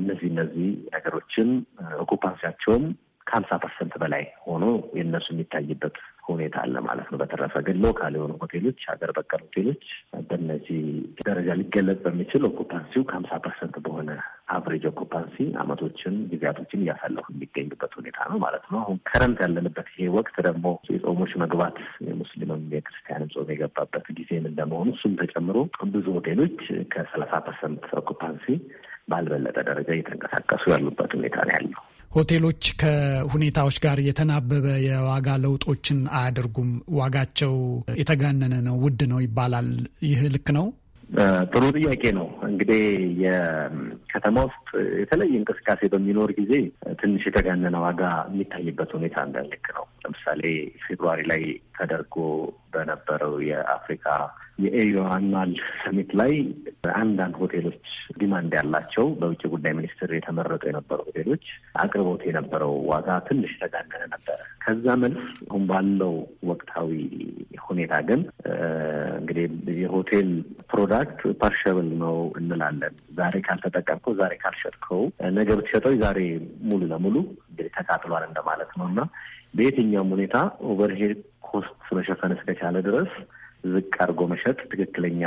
እነዚህ እነዚህ ነገሮችን ኦኩፓንሲያቸውም ከሀምሳ ፐርሰንት በላይ ሆኖ የእነሱ የሚታይበት ሁኔታ አለ ማለት ነው። በተረፈ ግን ሎካል የሆኑ ሆቴሎች፣ ሀገር በቀል ሆቴሎች በነዚህ ደረጃ ሊገለጽ በሚችል ኦኩፓንሲው ከሀምሳ ፐርሰንት በሆነ አቨሬጅ ኦኩፓንሲ አመቶችን ጊዜያቶችን እያሳለፉ የሚገኙበት ሁኔታ ነው ማለት ነው። አሁን ከረንት ያለንበት ይሄ ወቅት ደግሞ የጾሞች መግባት የሙስሊምም የክርስቲያንም ጾም የገባበት ጊዜም እንደመሆኑ እሱም ተጨምሮ ብዙ ሆቴሎች ከሰላሳ ፐርሰንት ኦኩፓንሲ ባልበለጠ ደረጃ እየተንቀሳቀሱ ያሉበት ሁኔታ ነው ያለው። ሆቴሎች ከሁኔታዎች ጋር የተናበበ የዋጋ ለውጦችን አያደርጉም፣ ዋጋቸው የተጋነነ ነው፣ ውድ ነው ይባላል። ይህ ልክ ነው? ጥሩ ጥያቄ ነው። እንግዲህ የከተማ ውስጥ የተለየ እንቅስቃሴ በሚኖር ጊዜ ትንሽ የተጋነነ ዋጋ የሚታይበት ሁኔታ እንዳልክ ነው። ለምሳሌ ፌብሩዋሪ ላይ ተደርጎ በነበረው የአፍሪካ የኤዩ አኑዋል ሰሚት ላይ አንዳንድ ሆቴሎች ዲማንድ ያላቸው በውጭ ጉዳይ ሚኒስትር የተመረጡ የነበሩ ሆቴሎች አቅርቦት የነበረው ዋጋ ትንሽ ተጋነነ ነበረ። ከዛ መልስ አሁን ባለው ወቅታዊ ሁኔታ ግን እንግዲህ የሆቴል ፕሮዳክት ፓርሸብል ነው እንላለን። ዛሬ ካልተጠቀምከው፣ ዛሬ ካልሸጥከው፣ ነገ ብትሸጠው ዛሬ ሙሉ ለሙሉ እንግዲህ ተቃጥሏል እንደማለት ነው እና በየትኛውም ሁኔታ ኦቨርሄድ መሸፈን እስከቻለ ድረስ ዝቅ አድርጎ መሸጥ ትክክለኛ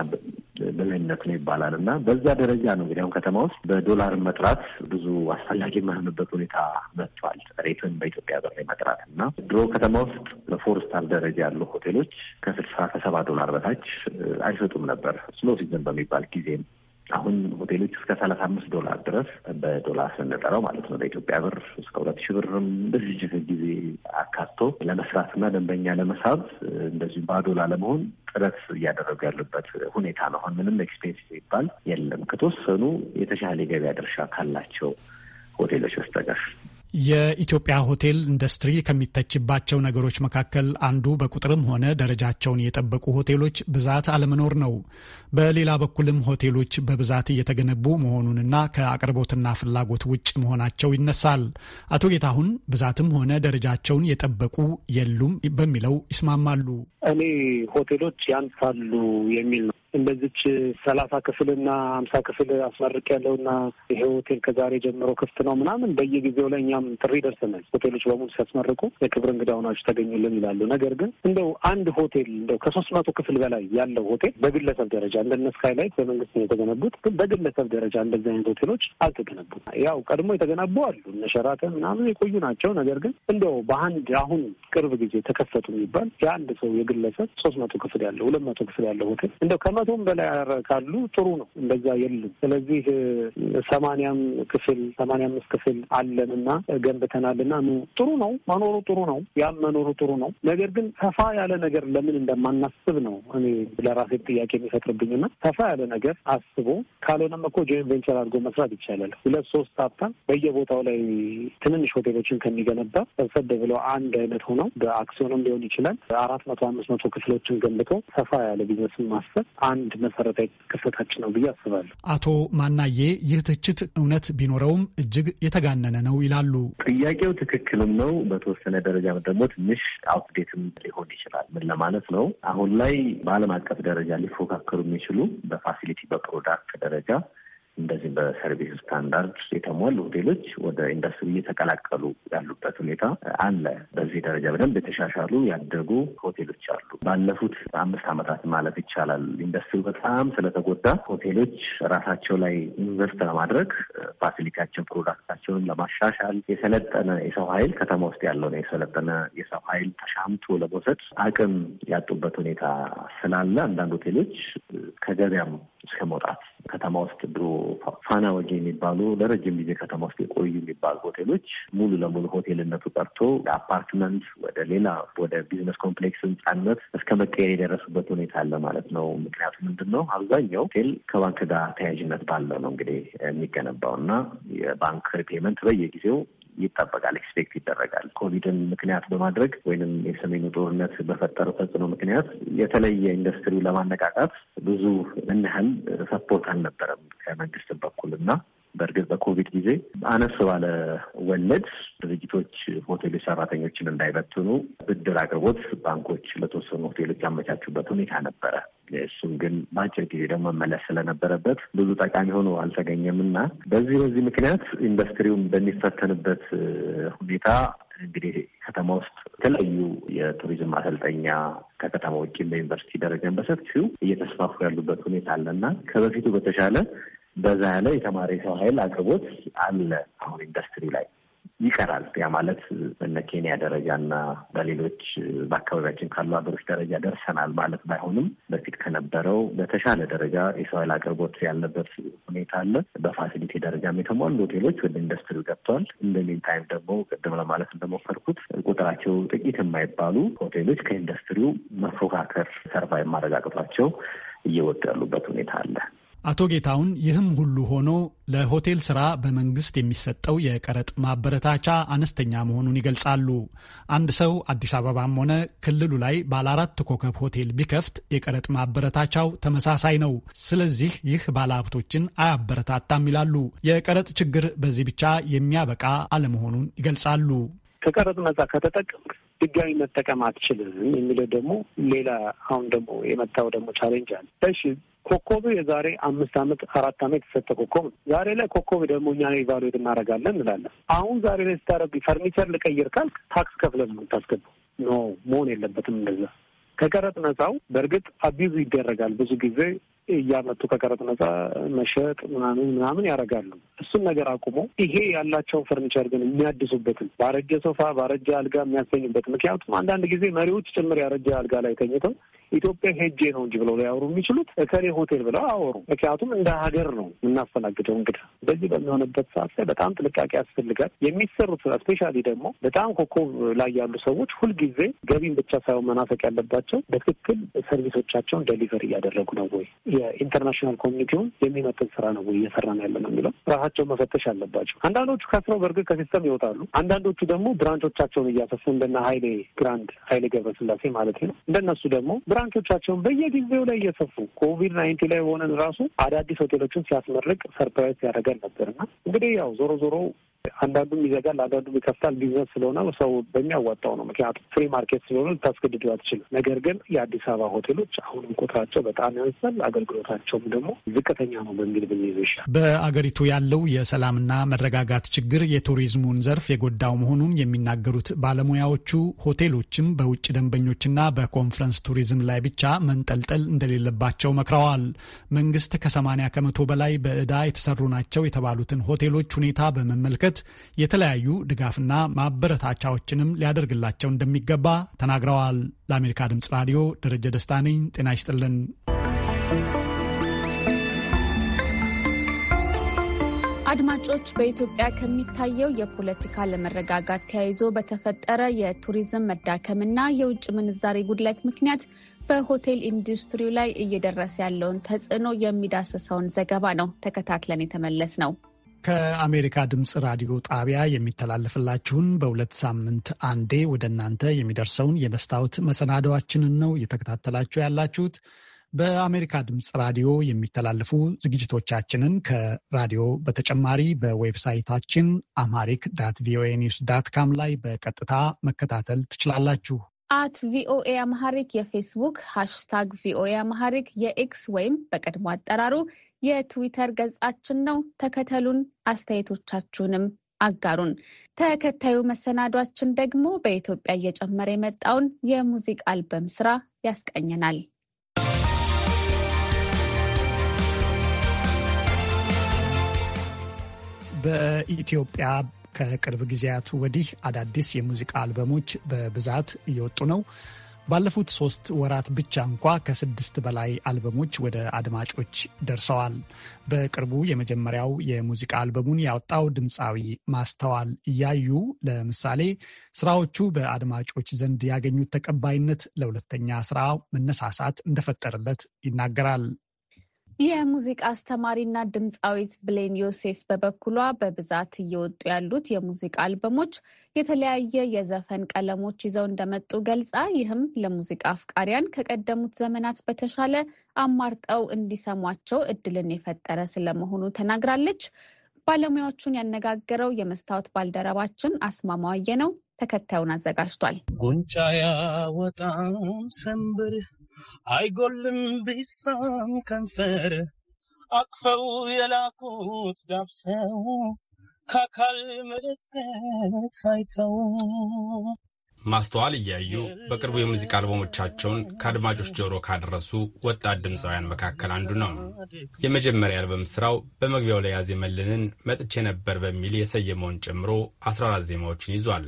ብልህነት ነው ይባላል እና በዛ ደረጃ ነው እንግዲህ አሁን ከተማ ውስጥ በዶላር መጥራት ብዙ አስፈላጊ የማይሆንበት ሁኔታ መጥቷል። ሬትን በኢትዮጵያ ብር መጥራት እና ድሮ ከተማ ውስጥ በፎር ስታር ደረጃ ያሉ ሆቴሎች ከስልሳ ከሰባ ዶላር በታች አይሰጡም ነበር። ስሎ ሲዘን በሚባል ጊዜም አሁን ሆቴሎች እስከ ሰላሳ አምስት ዶላር ድረስ በዶላር ስንጠራው ማለት ነው በኢትዮጵያ ብር እስከ ሁለት ሺ ብርም በዚህ ጊዜ አካቶ ለመስራትና ደንበኛ ለመሳብ እንደዚሁም በዶላ ለመሆን ጥረት እያደረጉ ያሉበት ሁኔታ ነው። አሁን ምንም ኤክስፔንስ ይባል የለም ከተወሰኑ የተሻለ የገበያ ድርሻ ካላቸው ሆቴሎች በስተቀር የኢትዮጵያ ሆቴል ኢንዱስትሪ ከሚተችባቸው ነገሮች መካከል አንዱ በቁጥርም ሆነ ደረጃቸውን የጠበቁ ሆቴሎች ብዛት አለመኖር ነው። በሌላ በኩልም ሆቴሎች በብዛት እየተገነቡ መሆኑንና ከአቅርቦትና ፍላጎት ውጭ መሆናቸው ይነሳል። አቶ ጌታሁን ብዛትም ሆነ ደረጃቸውን የጠበቁ የሉም በሚለው ይስማማሉ። እኔ ሆቴሎች ያንሳሉ የሚል ነው እንደዚች ሰላሳ ክፍልና አምሳ ክፍል አስመርቅ ያለውና ይሄ ሆቴል ከዛሬ ጀምሮ ክፍት ነው ምናምን በየጊዜው ላይ እኛም ጥሪ ደርሰናል። ሆቴሎች በሙሉ ሲያስመርቁ የክብር እንግዳ ሆናችሁ ተገኙልን ይላሉ። ነገር ግን እንደው አንድ ሆቴል እንደው ከሶስት መቶ ክፍል በላይ ያለው ሆቴል በግለሰብ ደረጃ እንደነ ስካይላይት በመንግስት ነው የተገነቡት። ግን በግለሰብ ደረጃ እንደዚህ አይነት ሆቴሎች አልተገነቡም። ያው ቀድሞ የተገነቡ አሉ እነ ሸራተን ምናምን የቆዩ ናቸው። ነገር ግን እንደው በአንድ አሁን ቅርብ ጊዜ ተከፈቱ የሚባል የአንድ ሰው የግለሰብ ሶስት መቶ ክፍል ያለው ሁለት መቶ ክፍል ያለው ሆቴል እንደው ከመቶም በላይ ካሉ ጥሩ ነው። እንደዛ የሉም። ስለዚህ ሰማንያም ክፍል ሰማንያ አምስት ክፍል አለንና ገንብተናልና ጥሩ ነው መኖሩ ጥሩ ነው። ያም መኖሩ ጥሩ ነው። ነገር ግን ሰፋ ያለ ነገር ለምን እንደማናስብ ነው እኔ ለራሴ ጥያቄ የሚፈጥርብኝና ሰፋ ያለ ነገር አስቦ ካልሆነም እኮ ጆይን ቬንቸር አድርጎ መስራት ይቻላል። ሁለት ሶስት ሀብታም በየቦታው ላይ ትንንሽ ሆቴሎችን ከሚገነባ ሰብሰብ ብለው አንድ አይነት ሆነው በአክሲዮንም ሊሆን ይችላል አራት መቶ አምስት መቶ ክፍሎችን ገንብቶ ሰፋ ያለ ቢዝነስን ማሰብ አንድ መሰረታዊ ክፍተታችን ነው ብዬ አስባለሁ። አቶ ማናዬ ይህ ትችት እውነት ቢኖረውም እጅግ የተጋነነ ነው ይላሉ። ጥያቄው ትክክልም ነው፣ በተወሰነ ደረጃ ደግሞ ትንሽ አውትዴትም ሊሆን ይችላል። ምን ለማለት ነው? አሁን ላይ በዓለም አቀፍ ደረጃ ሊፎካከሩ የሚችሉ በፋሲሊቲ በፕሮዳክት ደረጃ እንደዚህ በሰርቪስ ስታንዳርድ የተሟሉ ሆቴሎች ወደ ኢንዱስትሪ እየተቀላቀሉ ያሉበት ሁኔታ አለ። በዚህ ደረጃ በደንብ የተሻሻሉ ያደጉ ሆቴሎች አሉ። ባለፉት አምስት ዓመታት ማለት ይቻላል ኢንዱስትሪ በጣም ስለተጎዳ ሆቴሎች ራሳቸው ላይ ኢንቨስት ለማድረግ ፋሲሊቲያቸውን፣ ፕሮዳክታቸውን ለማሻሻል የሰለጠነ የሰው ኃይል ከተማ ውስጥ ነው የሰለጠነ የሰው ኃይል ተሻምቶ ለመውሰድ አቅም ያጡበት ሁኔታ ስላለ አንዳንድ ሆቴሎች ከገበያም እስከ መውጣት ከተማ ውስጥ ድሮ ፋና ወጌ የሚባሉ ለረጅም ጊዜ ከተማ ውስጥ የቆዩ የሚባሉ ሆቴሎች ሙሉ ለሙሉ ሆቴልነቱ ቀርቶ ለአፓርትመንት ወደ ሌላ ወደ ቢዝነስ ኮምፕሌክስ ህንፃነት እስከ መቀየር የደረሱበት ሁኔታ አለ ማለት ነው። ምክንያቱ ምንድን ነው? አብዛኛው ሆቴል ከባንክ ጋር ተያያዥነት ባለው ነው እንግዲህ የሚገነባው እና የባንክ ሪፔመንት በየጊዜው ይጠበቃል፣ ኤክስፔክት ይደረጋል። ኮቪድን ምክንያት በማድረግ ወይንም የሰሜኑ ጦርነት በፈጠረው ተጽዕኖ ምክንያት የተለየ ኢንዱስትሪ ለማነቃቃት ብዙ ምን ያህል ሰፖርት አልነበረም ከመንግስት በኩል እና በእርግጥ በኮቪድ ጊዜ አነስ ባለ ወለድ ድርጅቶች ሆቴሎች ሰራተኞችን እንዳይበትኑ ብድር አቅርቦት ባንኮች ለተወሰኑ ሆቴሎች ያመቻቹበት ሁኔታ ነበረ። እሱም ግን በአጭር ጊዜ ደግሞ መመለስ ስለነበረበት ብዙ ጠቃሚ ሆኖ አልተገኘም እና በዚህ በዚህ ምክንያት ኢንዱስትሪውን በሚፈተንበት ሁኔታ እንግዲህ ከተማ ውስጥ የተለያዩ የቱሪዝም ማሰልጠኛ ከከተማ ውጭ በዩኒቨርሲቲ ደረጃን በሰፊው እየተስፋፉ ያሉበት ሁኔታ አለና ከበፊቱ በተሻለ በዛ ያለ የተማሪ ሰው ኃይል አቅርቦት አለ አሁን ኢንዱስትሪ ላይ ይቀራል። ያ ማለት በነ ኬንያ ደረጃ እና በሌሎች በአካባቢያችን ካሉ ሀገሮች ደረጃ ደርሰናል ማለት ባይሆንም በፊት ከነበረው በተሻለ ደረጃ የሰው ኃይል አቅርቦት ያለበት ሁኔታ አለ። በፋሲሊቲ ደረጃም የተሟሉ ሆቴሎች ወደ ኢንዱስትሪ ገብተዋል። እንደ ሚን ታይም ደግሞ ቅድም ለማለት እንደሞከርኩት ቁጥራቸው ጥቂት የማይባሉ ሆቴሎች ከኢንዱስትሪው መፎካከር ሰርቫይ ማረጋገጧቸው እየወጡ ያሉበት ሁኔታ አለ። አቶ ጌታውን ይህም ሁሉ ሆኖ ለሆቴል ስራ በመንግስት የሚሰጠው የቀረጥ ማበረታቻ አነስተኛ መሆኑን ይገልጻሉ። አንድ ሰው አዲስ አበባም ሆነ ክልሉ ላይ ባለ አራት ኮከብ ሆቴል ቢከፍት የቀረጥ ማበረታቻው ተመሳሳይ ነው። ስለዚህ ይህ ባለሀብቶችን አያበረታታም ይላሉ። የቀረጥ ችግር በዚህ ብቻ የሚያበቃ አለመሆኑን ይገልጻሉ። ከቀረጥ ነጻ ከተጠቀምክ ድጋሚ መጠቀም አትችልም የሚለው ደግሞ ሌላ አሁን ደግሞ የመጣው ደግሞ ቻሌንጅ አለ። እሺ ኮኮቡ የዛሬ አምስት ዓመት አራት ዓመት የተሰጠ ኮኮብ ነው። ዛሬ ላይ ኮኮብ ደግሞ እኛ ኢቫሉዌት እናደርጋለን እንላለን። አሁን ዛሬ ላይ ስታደረግ ፈርኒቸር ልቀይር ካልክ ታክስ ከፍለ ነው የምታስገባው። ኖ መሆን የለበትም እንደዛ ከቀረጥ ነፃው። በእርግጥ አቢዙ ይደረጋል ብዙ ጊዜ እያመጡ ከቀረጥ ነጻ መሸጥ ምናምን ምናምን ያደርጋሉ። እሱን ነገር አቁሞ ይሄ ያላቸውን ፈርኒቸር ግን የሚያድሱበትን ባረጀ ሶፋ፣ ባረጀ አልጋ የሚያሰኙበት ምክንያቱም አንዳንድ ጊዜ መሪዎች ጭምር ያረጀ አልጋ ላይ ተኝተው ኢትዮጵያ ሄጄ ነው እንጂ ብለው ሊያወሩ የሚችሉት እከሌ ሆቴል ብለው አወሩ። ምክንያቱም እንደ ሀገር ነው የምናስተናግደው እንግዳ። በዚህ በሚሆንበት ሰዓት ላይ በጣም ጥንቃቄ ያስፈልጋል። የሚሰሩት እስፔሻሊ ደግሞ በጣም ኮከብ ላይ ያሉ ሰዎች ሁልጊዜ ገቢን ብቻ ሳይሆን መናፈቅ ያለባቸው በትክክል ሰርቪሶቻቸውን ደሊቨሪ እያደረጉ ነው ወይ የኢንተርናሽናል ኮሚኒቲውን የሚመጥን ስራ ነው እየሰራ ነው ያለ ነው የሚለው ራሳቸው መፈተሽ አለባቸው። አንዳንዶቹ ከስረው በእርግጥ ከሲስተም ይወጣሉ። አንዳንዶቹ ደግሞ ብራንቾቻቸውን እያሰፉ እንደና ሀይሌ ግራንድ ሀይሌ ገብረስላሴ ማለት ነው። እንደነሱ ደግሞ ብራንቾቻቸውን በየጊዜው ላይ እየሰፉ ኮቪድ ናይንቲ ላይ ሆነን ራሱ አዳዲስ ሆቴሎችን ሲያስመርቅ ሰርፕራይዝ ነበር ነበርና እንግዲህ ያው ዞሮ ዞሮ አንዳንዱም ይዘጋል፣ አንዳንዱም ይከፍታል። ቢዝነስ ስለሆነ ሰው በሚያዋጣው ነው። ምክንያቱም ፍሪ ማርኬት ስለሆነ ልታስገድዱ አትችልም። ነገር ግን የአዲስ አበባ ሆቴሎች አሁንም ቁጥራቸው በጣም ያንሳል፣ አገልግሎታቸውም ደግሞ ዝቅተኛ ነው በሚል ብንይዘ ይሻል። በአገሪቱ ያለው የሰላምና መረጋጋት ችግር የቱሪዝሙን ዘርፍ የጎዳው መሆኑን የሚናገሩት ባለሙያዎቹ ሆቴሎችም በውጭ ደንበኞችና በኮንፈረንስ ቱሪዝም ላይ ብቻ መንጠልጠል እንደሌለባቸው መክረዋል። መንግስት ከሰማንያ ከመቶ በላይ በእዳ የተሰሩ ናቸው የተባሉትን ሆቴሎች ሁኔታ በመመልከት በማበረከት የተለያዩ ድጋፍና ማበረታቻዎችንም ሊያደርግላቸው እንደሚገባ ተናግረዋል። ለአሜሪካ ድምፅ ራዲዮ ደረጀ ደስታ ነኝ። ጤና ይስጥልን። አድማጮች በኢትዮጵያ ከሚታየው የፖለቲካ ለመረጋጋት ተያይዞ በተፈጠረ የቱሪዝም መዳከምና የውጭ ምንዛሬ ጉድለት ምክንያት በሆቴል ኢንዱስትሪው ላይ እየደረሰ ያለውን ተጽዕኖ የሚዳስሰውን ዘገባ ነው ተከታትለን የተመለስ ነው። ከአሜሪካ ድምፅ ራዲዮ ጣቢያ የሚተላለፍላችሁን በሁለት ሳምንት አንዴ ወደ እናንተ የሚደርሰውን የመስታወት መሰናዶዋችንን ነው እየተከታተላችሁ ያላችሁት። በአሜሪካ ድምፅ ራዲዮ የሚተላለፉ ዝግጅቶቻችንን ከራዲዮ በተጨማሪ በዌብሳይታችን አማሪክ ዳት ቪኦኤ ኒውስ ዳት ካም ላይ በቀጥታ መከታተል ትችላላችሁ። አት ቪኦኤ አማሐሪክ የፌስቡክ ሃሽታግ ቪኦኤ አማሐሪክ የኤክስ ወይም በቀድሞ አጠራሩ የትዊተር ገጻችን ነው። ተከተሉን፣ አስተያየቶቻችሁንም አጋሩን። ተከታዩ መሰናዷችን ደግሞ በኢትዮጵያ እየጨመረ የመጣውን የሙዚቃ አልበም ስራ ያስቀኘናል። በኢትዮጵያ ከቅርብ ጊዜያት ወዲህ አዳዲስ የሙዚቃ አልበሞች በብዛት እየወጡ ነው። ባለፉት ሶስት ወራት ብቻ እንኳ ከስድስት በላይ አልበሞች ወደ አድማጮች ደርሰዋል። በቅርቡ የመጀመሪያው የሙዚቃ አልበሙን ያወጣው ድምፃዊ ማስተዋል እያዩ ለምሳሌ ስራዎቹ በአድማጮች ዘንድ ያገኙት ተቀባይነት ለሁለተኛ ስራ መነሳሳት እንደፈጠረለት ይናገራል። የሙዚቃ አስተማሪና ድምፃዊት ብሌን ዮሴፍ በበኩሏ በብዛት እየወጡ ያሉት የሙዚቃ አልበሞች የተለያየ የዘፈን ቀለሞች ይዘው እንደመጡ ገልጻ ይህም ለሙዚቃ አፍቃሪያን ከቀደሙት ዘመናት በተሻለ አማርጠው እንዲሰሟቸው እድልን የፈጠረ ስለመሆኑ ተናግራለች። ባለሙያዎቹን ያነጋገረው የመስታወት ባልደረባችን አስማማዋየ ነው። ተከታዩን አዘጋጅቷል። ጉንጫ ያወጣም ሰንብርህ አይጎልም ቢሳም ከንፈር አቅፈው የላኩት ዳብሰው ከአካል ምልክት ሳይተው ማስተዋል እያዩ በቅርቡ የሙዚቃ አልበሞቻቸውን ከአድማጮች ጆሮ ካደረሱ ወጣት ድምፃውያን መካከል አንዱ ነው። የመጀመሪያ አልበም ስራው በመግቢያው ላይ ያዜመልንን መጥቼ ነበር በሚል የሰየመውን ጨምሮ 14 ዜማዎችን ይዟል።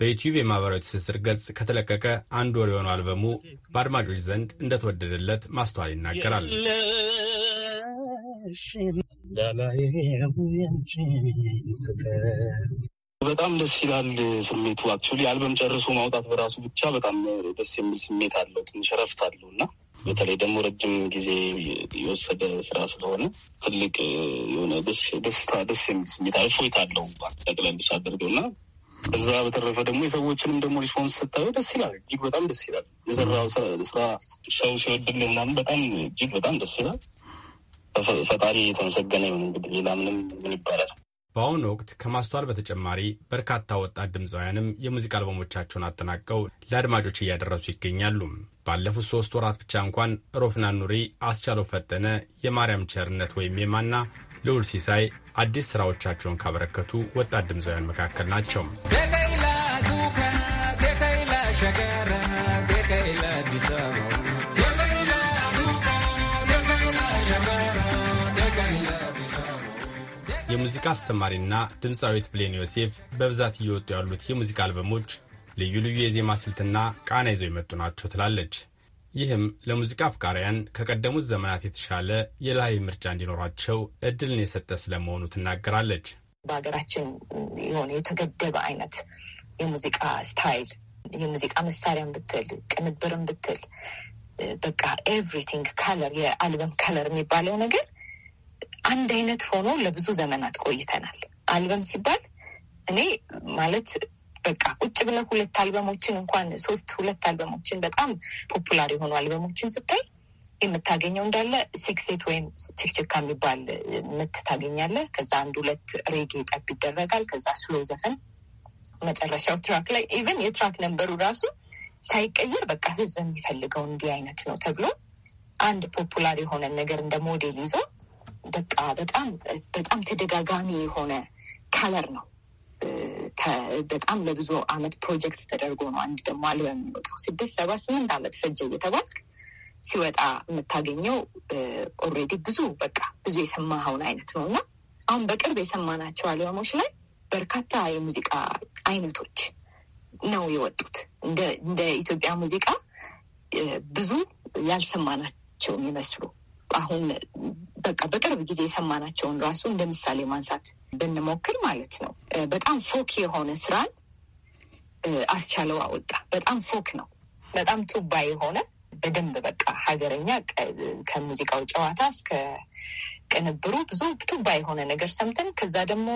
በዩቲዩብ የማህበራዊ ትስስር ገጽ ከተለቀቀ አንድ ወር የሆነው አልበሙ በአድማጮች ዘንድ እንደተወደደለት ማስተዋል ይናገራል። በጣም ደስ ይላል ስሜቱ። አክቹዋሊ አልበም ጨርሶ ማውጣት በራሱ ብቻ በጣም ደስ የሚል ስሜት አለው። ትንሽ እረፍት አለው እና በተለይ ደግሞ ረጅም ጊዜ የወሰደ ስራ ስለሆነ ትልቅ የሆነ ደስታ ደስ የሚል ስሜት እፎይታ አለው ጠቅላይ ሳደርገው እና ከዛ በተረፈ ደግሞ የሰዎችንም ደግሞ ሪስፖንስ ስታዩ ደስ ይላል። እጅግ በጣም ደስ ይላል። የሰራው ስራ ሰው ሲወድልህ ምናምን በጣም እጅግ በጣም ደስ ይላል። ፈጣሪ የተመሰገነ ይሁን። እንግዲህ ሌላ ምንም ምን ይባላል። በአሁኑ ወቅት ከማስተዋል በተጨማሪ በርካታ ወጣት ድምፃውያንም የሙዚቃ አልበሞቻቸውን አጠናቀው ለአድማጮች እያደረሱ ይገኛሉ። ባለፉት ሶስት ወራት ብቻ እንኳን ሮፍና ኑሪ፣ አስቻለው ፈጠነ፣ የማርያም ቸርነት ወይም የማና ልዑል ሲሳይ አዲስ ስራዎቻቸውን ካበረከቱ ወጣት ድምፃውያን መካከል ናቸው። የሙዚቃ አስተማሪና ድምፃዊት ብሌን ዮሴፍ በብዛት እየወጡ ያሉት የሙዚቃ አልበሞች ልዩ ልዩ የዜማ ስልትና ቃና ይዘው የመጡ ናቸው ትላለች። ይህም ለሙዚቃ አፍቃሪያን ከቀደሙት ዘመናት የተሻለ የላይ ምርጫ እንዲኖራቸው እድልን የሰጠ ስለመሆኑ ትናገራለች። በሀገራችን የሆነ የተገደበ አይነት የሙዚቃ ስታይል የሙዚቃ መሳሪያን ብትል ቅንብርን ብትል በቃ ኤቭሪቲንግ ከለር የአልበም ከለር የሚባለው ነገር አንድ አይነት ሆኖ ለብዙ ዘመናት ቆይተናል። አልበም ሲባል እኔ ማለት በቃ ቁጭ ብለ ሁለት አልበሞችን እንኳን ሶስት ሁለት አልበሞችን በጣም ፖፑላር የሆኑ አልበሞችን ስታይ የምታገኘው እንዳለ ሴክሴት ወይም ችክችካ የሚባል ምት ታገኛለህ። ከዛ አንድ ሁለት ሬጌ ጠብ ይደረጋል። ከዛ ስሎ ዘፈን መጨረሻው ትራክ ላይ ኢቨን የትራክ ነንበሩ ራሱ ሳይቀየር በቃ ህዝብ የሚፈልገው እንዲህ አይነት ነው ተብሎ አንድ ፖፑላር የሆነ ነገር እንደ ሞዴል ይዞ በቃ በጣም በጣም ተደጋጋሚ የሆነ ከለር ነው በጣም ለብዙ አመት ፕሮጀክት ተደርጎ ነው አንድ ደግሞ አልበም የሚወጣው። ስድስት ሰባ ስምንት አመት ፈጀ እየተባልክ ሲወጣ የምታገኘው ኦልሬዲ ብዙ በቃ ብዙ የሰማኸውን አይነት ነው እና አሁን በቅርብ የሰማናቸው አልበሞች ላይ በርካታ የሙዚቃ አይነቶች ነው የወጡት። እንደ ኢትዮጵያ ሙዚቃ ብዙ ያልሰማናቸው የሚመስሉ አሁን በቃ በቅርብ ጊዜ የሰማናቸውን ራሱ እንደ ምሳሌ ማንሳት ብንሞክር ማለት ነው። በጣም ፎክ የሆነ ስራን አስቻለው አወጣ። በጣም ፎክ ነው። በጣም ቱባ የሆነ በደንብ በቃ ሀገረኛ ከሙዚቃው ጨዋታ እስከ ቅንብሩ ብዙ ቱባ የሆነ ነገር ሰምተን ከዛ ደግሞ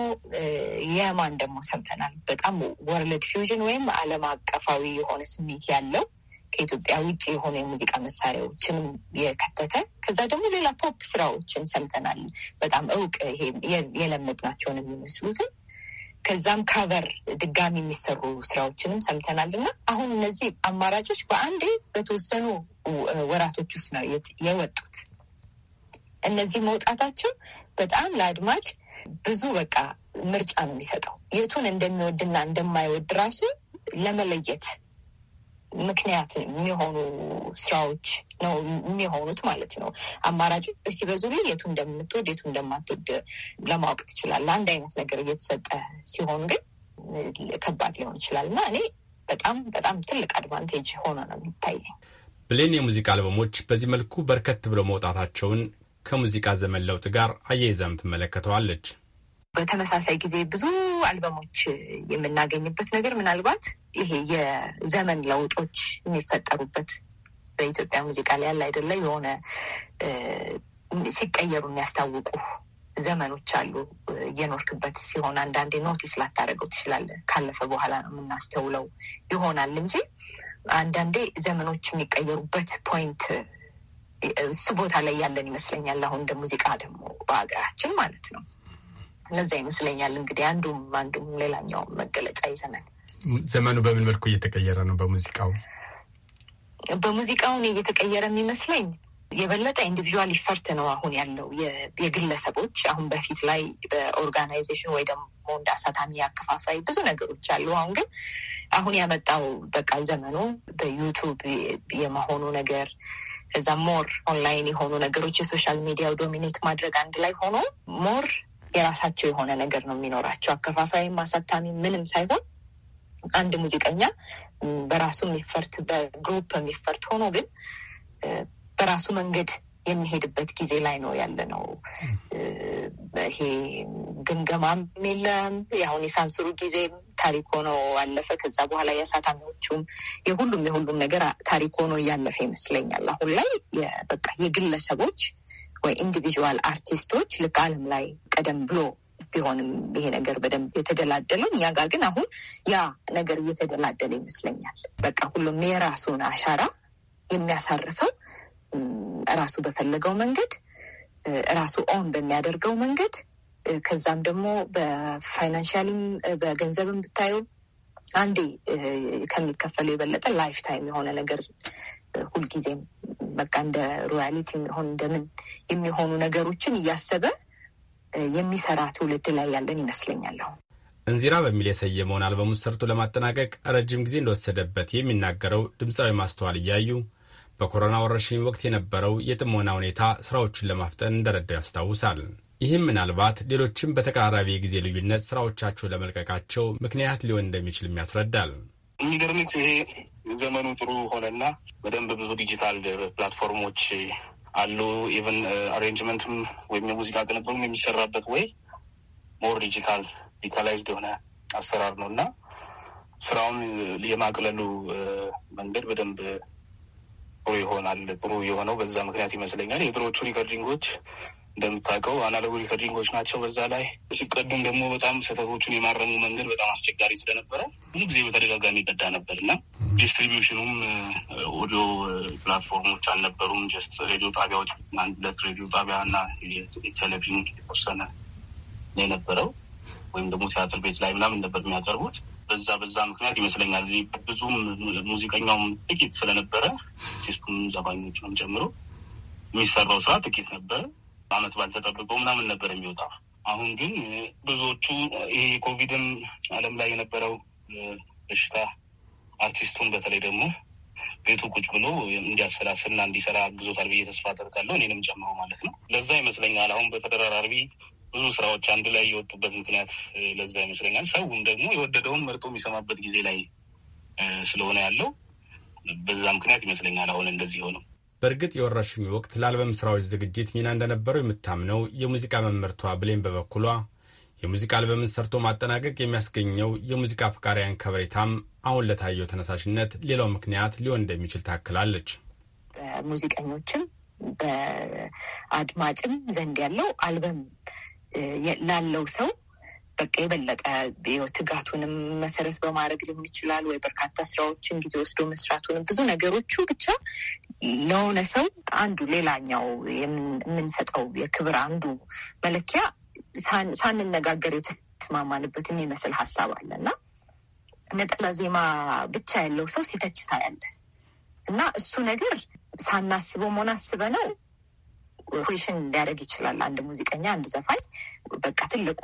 የማን ደግሞ ሰምተናል። በጣም ወርልድ ፊውዥን ወይም ዓለም አቀፋዊ የሆነ ስሜት ያለው ከኢትዮጵያ ውጭ የሆኑ የሙዚቃ መሳሪያዎችንም የከተተ ከዛ ደግሞ ሌላ ፖፕ ስራዎችን ሰምተናል። በጣም እውቅ የለመድናቸውን የሚመስሉትን ከዛም ካቨር ድጋሚ የሚሰሩ ስራዎችንም ሰምተናል እና አሁን እነዚህ አማራጮች በአንዴ በተወሰኑ ወራቶች ውስጥ ነው የወጡት። እነዚህ መውጣታቸው በጣም ለአድማጭ ብዙ በቃ ምርጫ ነው የሚሰጠው የቱን እንደሚወድና እንደማይወድ ራሱ ለመለየት ምክንያት የሚሆኑ ስራዎች ነው የሚሆኑት ማለት ነው። አማራጮች ሲበዙ ላይ የቱ እንደምትወድ የቱ እንደማትወድ ለማወቅ ትችላለህ። አንድ አይነት ነገር እየተሰጠ ሲሆን ግን ከባድ ሊሆን ይችላል እና እኔ በጣም በጣም ትልቅ አድቫንቴጅ ሆኖ ነው የሚታየኝ። ብሌን የሙዚቃ አልበሞች በዚህ መልኩ በርከት ብለው መውጣታቸውን ከሙዚቃ ዘመን ለውጥ ጋር አያይዛም ትመለከተዋለች። በተመሳሳይ ጊዜ ብዙ አልበሞች የምናገኝበት ነገር ምናልባት ይሄ የዘመን ለውጦች የሚፈጠሩበት በኢትዮጵያ ሙዚቃ ላይ ያለ አይደለ የሆነ ሲቀየሩ የሚያስታውቁ ዘመኖች አሉ። እየኖርክበት ሲሆን አንዳንዴ ኖቲስ ላታደርገው ትችላለህ። ካለፈ በኋላ ነው የምናስተውለው ይሆናል እንጂ አንዳንዴ ዘመኖች የሚቀየሩበት ፖይንት እሱ ቦታ ላይ ያለን ይመስለኛል። አሁን እንደ ሙዚቃ ደግሞ በሀገራችን ማለት ነው እነዚያ ይመስለኛል እንግዲህ አንዱም አንዱም ሌላኛውም መገለጫ ይዘናል። ዘመኑ በምን መልኩ እየተቀየረ ነው? በሙዚቃው በሙዚቃውን እየተቀየረ የሚመስለኝ የበለጠ ኢንዲቪዥዋል ይፈርት ነው አሁን ያለው የግለሰቦች። አሁን በፊት ላይ በኦርጋናይዜሽን ወይ ደግሞ እንደ አሳታሚ አከፋፋይ ብዙ ነገሮች አሉ። አሁን ግን አሁን ያመጣው በቃ ዘመኑ በዩቱብ የመሆኑ ነገር እዛ ሞር ኦንላይን የሆኑ ነገሮች የሶሻል ሚዲያው ዶሚኔት ማድረግ አንድ ላይ ሆኖ ሞር የራሳቸው የሆነ ነገር ነው የሚኖራቸው። አከፋፋይም አሳታሚ ምንም ሳይሆን አንድ ሙዚቀኛ በራሱ የሚፈርት በግሩፕ የሚፈርት ሆኖ ግን በራሱ መንገድ የሚሄድበት ጊዜ ላይ ነው ያለ ነው። ይሄ ግምገማም የለም። የአሁን የሳንስሩ ጊዜ ታሪክ ሆኖ አለፈ። ከዛ በኋላ የአሳታሚዎቹም የሁሉም የሁሉም ነገር ታሪክ ሆኖ እያለፈ ይመስለኛል። አሁን ላይ በቃ የግለሰቦች ወይ ኢንዲቪዥዋል አርቲስቶች ልክ ዓለም ላይ ቀደም ብሎ ቢሆንም ይሄ ነገር በደንብ የተደላደለው እኛ ጋር ግን አሁን ያ ነገር እየተደላደለ ይመስለኛል። በቃ ሁሉም የራሱን አሻራ የሚያሳርፈው እራሱ በፈለገው መንገድ እራሱ ኦን በሚያደርገው መንገድ ከዛም ደግሞ በፋይናንሻልም በገንዘብም ብታየው አንዴ ከሚከፈለው የበለጠ ላይፍ ታይም የሆነ ነገር ሁልጊዜም በቃ እንደ ሮያሊቲ የሚሆን እንደምን የሚሆኑ ነገሮችን እያሰበ የሚሰራ ትውልድ ላይ ያለን ይመስለኛለሁ። እንዚራ በሚል የሰየመውን አልበሙን ሰርቶ ለማጠናቀቅ ረጅም ጊዜ እንደወሰደበት የሚናገረው ድምፃዊ ማስተዋል እያዩ በኮሮና ወረርሽኝ ወቅት የነበረው የጥሞና ሁኔታ ስራዎችን ለማፍጠን እንደረዳ ያስታውሳል። ይህም ምናልባት ሌሎችም በተቀራራቢ የጊዜ ልዩነት ስራዎቻቸውን ለመልቀቃቸው ምክንያት ሊሆን እንደሚችልም ያስረዳል። የሚገርምህ ይሄ ዘመኑ ጥሩ ሆነና በደንብ ብዙ ዲጂታል ፕላትፎርሞች አሉ። ኢቨን አሬንጅመንትም ወይም የሙዚቃ ቅንብሩም የሚሰራበት ወይ ሞር ዲጂታል ዲጂታላይዝድ የሆነ አሰራር ነው እና ስራውን የማቅለሉ መንገድ በደንብ ጥሩ ይሆናል። ጥሩ የሆነው በዛ ምክንያት ይመስለኛል። የድሮቹ ሪከርዲንጎች እንደምታውቀው አናሎግ ሪከርዲንጎች ናቸው። በዛ ላይ ሲቀዱም ደግሞ በጣም ስህተቶቹን የማረሙ መንገድ በጣም አስቸጋሪ ስለነበረ ብዙ ጊዜ በተደጋጋሚ ይቀዳ ነበር እና ዲስትሪቢሽኑም ኦዲዮ ፕላትፎርሞች አልነበሩም። ጀስት ሬዲዮ ጣቢያዎች፣ አንድ ሁለት ሬዲዮ ጣቢያ እና ቴሌቪዥን የተወሰነ ነው የነበረው። ወይም ደግሞ ቲያትር ቤት ላይ ምናምን ነበር የሚያቀርቡት በዛ በዛ ምክንያት ይመስለኛል ብዙም ሙዚቀኛውም ጥቂት ስለነበረ ሴስቱም ዘፋኞቹንም ጨምሮ የሚሰራው ስራ ጥቂት ነበር። አመት ባልተጠብቆ ምናምን ነበር የሚወጣ። አሁን ግን ብዙዎቹ ይሄ ኮቪድም አለም ላይ የነበረው በሽታ አርቲስቱን በተለይ ደግሞ ቤቱ ቁጭ ብሎ እንዲያሰላስልና እንዲሰራ አግዞታል ብዬ ተስፋ አደርጋለሁ፣ እኔንም ጨምሮ ማለት ነው። ለዛ ይመስለኛል አሁን በተደራራቢ ብዙ ስራዎች አንድ ላይ የወጡበት ምክንያት ለዛ ይመስለኛል። ሰውም ደግሞ የወደደውን መርጦ የሚሰማበት ጊዜ ላይ ስለሆነ ያለው በዛ ምክንያት ይመስለኛል አሁን እንደዚህ ሆነው። በእርግጥ የወረርሽኙ ወቅት ለአልበም ስራዎች ዝግጅት ሚና እንደነበረው የምታምነው የሙዚቃ መምህርቷ ብሌን በበኩሏ የሙዚቃ አልበምን ሰርቶ ማጠናቀቅ የሚያስገኘው የሙዚቃ አፍቃሪያን ከበሬታም አሁን ለታየው ተነሳሽነት ሌላው ምክንያት ሊሆን እንደሚችል ታክላለች። ሙዚቀኞችም በአድማጭም ዘንድ ያለው አልበም ላለው ሰው በቃ የበለጠ ትጋቱንም መሰረት በማድረግ ሊሆን ይችላል ወይ በርካታ ስራዎችን ጊዜ ወስዶ መስራቱንም ብዙ ነገሮቹ ብቻ ለሆነ ሰው አንዱ ሌላኛው የምንሰጠው የክብር አንዱ መለኪያ ሳንነጋገር የተስማማንበት የሚመስል ሀሳብ አለ እና ነጠላ ዜማ ብቻ ያለው ሰው ሲተችታ ያለ እና እሱ ነገር ሳናስበው መሆን አስበ ነው ኩዌሽን ሊያደርግ ይችላል። አንድ ሙዚቀኛ፣ አንድ ዘፋኝ በቃ ትልቁ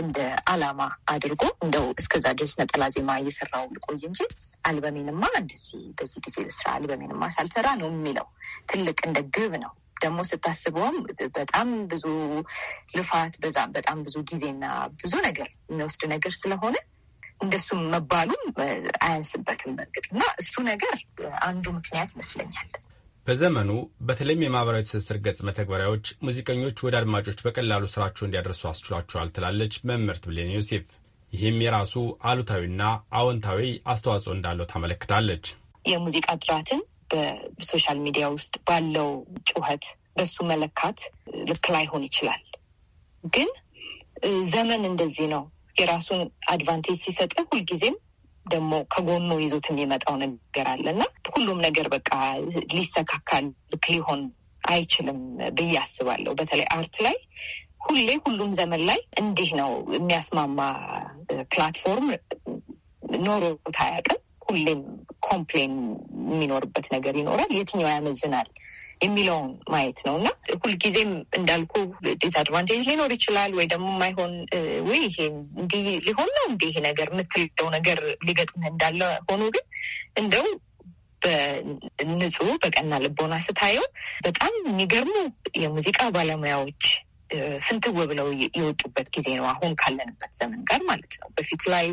እንደ አላማ አድርጎ እንደው እስከዛ ድረስ ነጠላ ዜማ እየሰራው ልቆይ እንጂ አልበሜንማ እንደዚህ በዚህ ጊዜ ስራ አልበሜንማ ሳልሰራ ነው የሚለው ትልቅ እንደ ግብ ነው። ደግሞ ስታስበውም በጣም ብዙ ልፋት በዛም በጣም ብዙ ጊዜና ብዙ ነገር የሚወስድ ነገር ስለሆነ እንደሱም መባሉም አያንስበትም። በእርግጥ እና እሱ ነገር አንዱ ምክንያት ይመስለኛል። በዘመኑ በተለይም የማህበራዊ ትስስር ገጽ መተግበሪያዎች ሙዚቀኞች ወደ አድማጮች በቀላሉ ስራቸው እንዲያደርሱ አስችሏቸዋል ትላለች መምህርት ብሌን ዮሴፍ። ይህም የራሱ አሉታዊና አዎንታዊ አስተዋጽኦ እንዳለው ታመለክታለች። የሙዚቃ ጥራትን በሶሻል ሚዲያ ውስጥ ባለው ጩኸት በሱ መለካት ልክ ላይሆን ይችላል። ግን ዘመን እንደዚህ ነው። የራሱን አድቫንቴጅ ሲሰጥ ሁልጊዜም ደግሞ ከጎኑ ይዞት የሚመጣው ነገር አለ እና ሁሉም ነገር በቃ ሊሰካካል ልክ ሊሆን አይችልም ብዬ አስባለሁ። በተለይ አርት ላይ ሁሌ ሁሉም ዘመን ላይ እንዲህ ነው የሚያስማማ ፕላትፎርም ኖሮት አያውቅም። ሁሌም ኮምፕሌን የሚኖርበት ነገር ይኖራል። የትኛው ያመዝናል የሚለውን ማየት ነው እና ሁልጊዜም እንዳልኩ ዲስአድቫንቴጅ ሊኖር ይችላል ወይ ደግሞ ማይሆን ወይ ይሄ እንዲህ ሊሆን ነው እንዲህ ነገር የምትልደው ነገር ሊገጥምህ እንዳለ ሆኖ ግን እንደው በንጹህ በቀና ልቦና ስታየው በጣም የሚገርሙ የሙዚቃ ባለሙያዎች ፍንትው ብለው የወጡበት ጊዜ ነው። አሁን ካለንበት ዘመን ጋር ማለት ነው። በፊት ላይ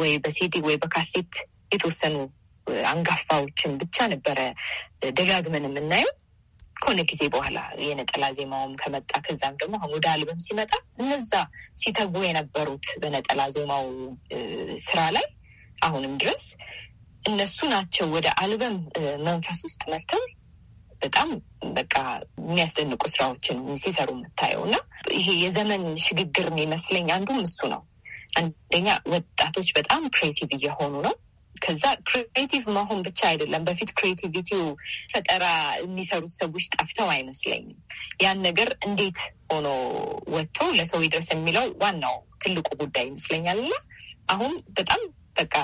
ወይ በሲዲ ወይ በካሴት የተወሰኑ አንጋፋዎችን ብቻ ነበረ ደጋግመን የምናየው። ከሆነ ጊዜ በኋላ የነጠላ ዜማውም ከመጣ ከዛም ደግሞ አሁን ወደ አልበም ሲመጣ እነዛ ሲተጉ የነበሩት በነጠላ ዜማው ስራ ላይ አሁንም ድረስ እነሱ ናቸው ወደ አልበም መንፈስ ውስጥ መጥተው በጣም በቃ የሚያስደንቁ ስራዎችን ሲሰሩ የምታየው እና ይሄ የዘመን ሽግግር የሚመስለኝ አንዱም እሱ ነው። አንደኛ ወጣቶች በጣም ክሬቲቭ እየሆኑ ነው። ከዛ ክሬቲቭ መሆን ብቻ አይደለም። በፊት ክሬቲቪቲው ፈጠራ የሚሰሩት ሰዎች ጠፍተው አይመስለኝም። ያን ነገር እንዴት ሆኖ ወጥቶ ለሰው ይድረስ የሚለው ዋናው ትልቁ ጉዳይ ይመስለኛል እና አሁን በጣም በቃ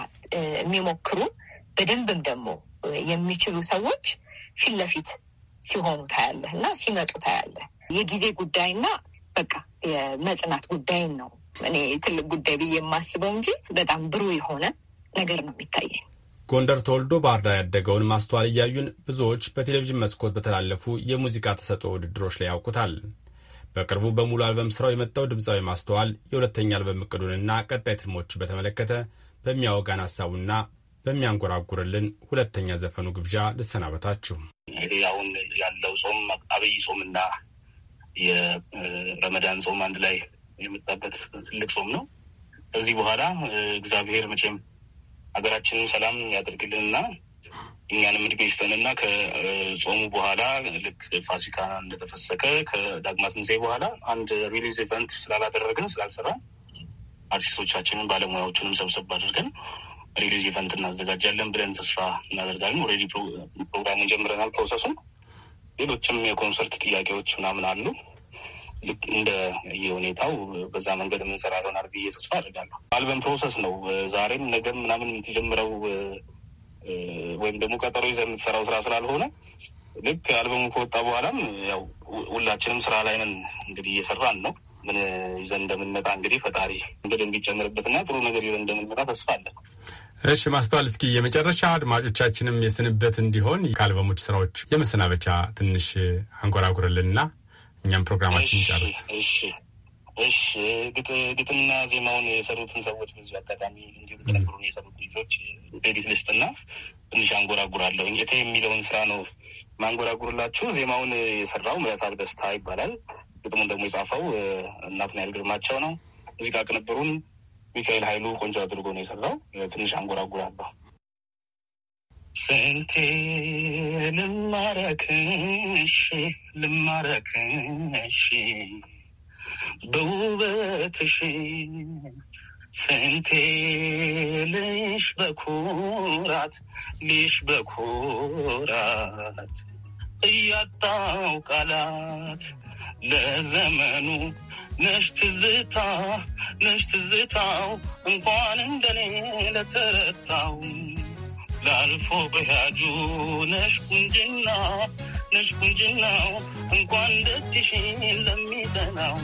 የሚሞክሩ በደንብም ደግሞ የሚችሉ ሰዎች ፊት ለፊት ሲሆኑ ታያለህ እና ሲመጡ ታያለህ። የጊዜ ጉዳይና በቃ የመጽናት ጉዳይን ነው እኔ ትልቅ ጉዳይ ብዬ የማስበው እንጂ በጣም ብሩህ የሆነ ነገር ነው የሚታየኝ። ጎንደር ተወልዶ ባህር ዳር ያደገውን ማስተዋል እያዩን ብዙዎች በቴሌቪዥን መስኮት በተላለፉ የሙዚቃ ተሰጥኦ ውድድሮች ላይ ያውቁታል። በቅርቡ በሙሉ አልበም ስራው የመጣው ድምፃዊ ማስተዋል የሁለተኛ አልበም እቅዱንና ቀጣይ ትልሞች በተመለከተ በሚያወጋን ሀሳቡና በሚያንጎራጉርልን ሁለተኛ ዘፈኑ ግብዣ ልሰናበታችሁ። እንግዲህ አሁን ያለው ጾም አብይ ጾምና የረመዳን ጾም አንድ ላይ የመጣበት ትልቅ ጾም ነው። ከዚህ በኋላ እግዚአብሔር መቼም ሀገራችንን ሰላም ያደርግልንና እኛንም እድሜ ይስጠንና ከጾሙ በኋላ ልክ ፋሲካ እንደተፈሰከ ከዳግማ ትንሣኤ በኋላ አንድ ሪሊዝ ኢቨንት ስላላደረግን ስላልሰራ አርቲስቶቻችንን ባለሙያዎቹንም ሰብሰብ አድርገን ሪሊዝ ኢቨንት እናዘጋጃለን ብለን ተስፋ እናደርጋለን። ኦልሬዲ ፕሮግራሙን ጀምረናል። ፕሮሰሱም ሌሎችም የኮንሰርት ጥያቄዎች ምናምን አሉ። ልክ እንደ የሁኔታው በዛ መንገድ የምንሰራ ይሆናል ብዬ ተስፋ አድርጋለሁ። አልበም ፕሮሰስ ነው። ዛሬም ነገም ምናምን የምትጀምረው ወይም ደግሞ ቀጠሮ ይዘ የምትሰራው ስራ ስላልሆነ ልክ አልበሙ ከወጣ በኋላም ያው ሁላችንም ስራ ላይ ነን። እንግዲህ እየሰራን ነው። ምን ይዘን እንደምንመጣ እንግዲህ ፈጣሪ እንግዲህ እንዲጨምርበትና ጥሩ ነገር ይዘን እንደምንመጣ ተስፋ አለን። እሺ ማስተዋል፣ እስኪ የመጨረሻ አድማጮቻችንም የስንበት እንዲሆን ከአልበሞች ስራዎች የመሰናበቻ ትንሽ አንጎራጉርልንና እኛም ፕሮግራማችን ጨርስ። እሺ ግጥምና ዜማውን የሰሩትን ሰዎች በዚ አጋጣሚ እንዲሁም ተነግሩን የሰሩት ልጆች ቤዲት ልስጥ እና ትንሽ አንጎራጉራለሁኝ። እቴ የሚለውን ስራ ነው ማንጎራጉርላችሁ። ዜማውን የሰራው ምረታል በስታ ይባላል። ግጥሙን ደግሞ የጻፈው እናትናኤል ግርማቸው ነው። እዚህ ጋር ቅንብሩን ሚካኤል ኃይሉ ቆንጆ አድርጎ ነው የሰራው። ትንሽ አንጎራጉራለሁ። ስንቴ ልማረክሽ ልማረክሽ በውበትሽ ስንቴ ልሽ በኩራት ልሽ በኩራት እያጣው ቃላት ለዘመኑ ነሽ ትዝታ ነሽ ትዝታው እንኳን እንደኔ ለተረታው ላልፎ በያጁ ነሽ ቁንጅና ነሽ ቁንጅናው እንኳን ደትሽን ለሚጠናው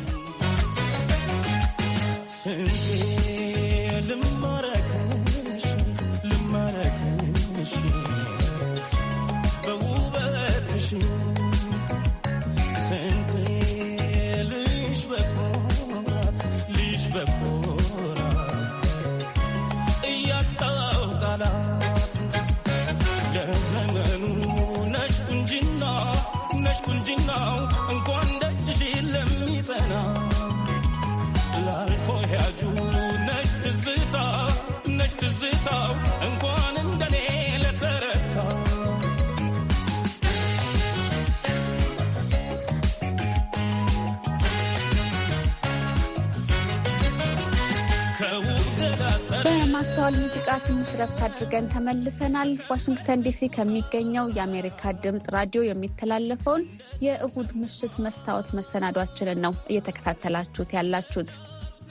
ትንሽ ረፍት አድርገን ተመልሰናል። ዋሽንግተን ዲሲ ከሚገኘው የአሜሪካ ድምፅ ራዲዮ የሚተላለፈውን የእሁድ ምሽት መስታወት መሰናዷችንን ነው እየተከታተላችሁት ያላችሁት።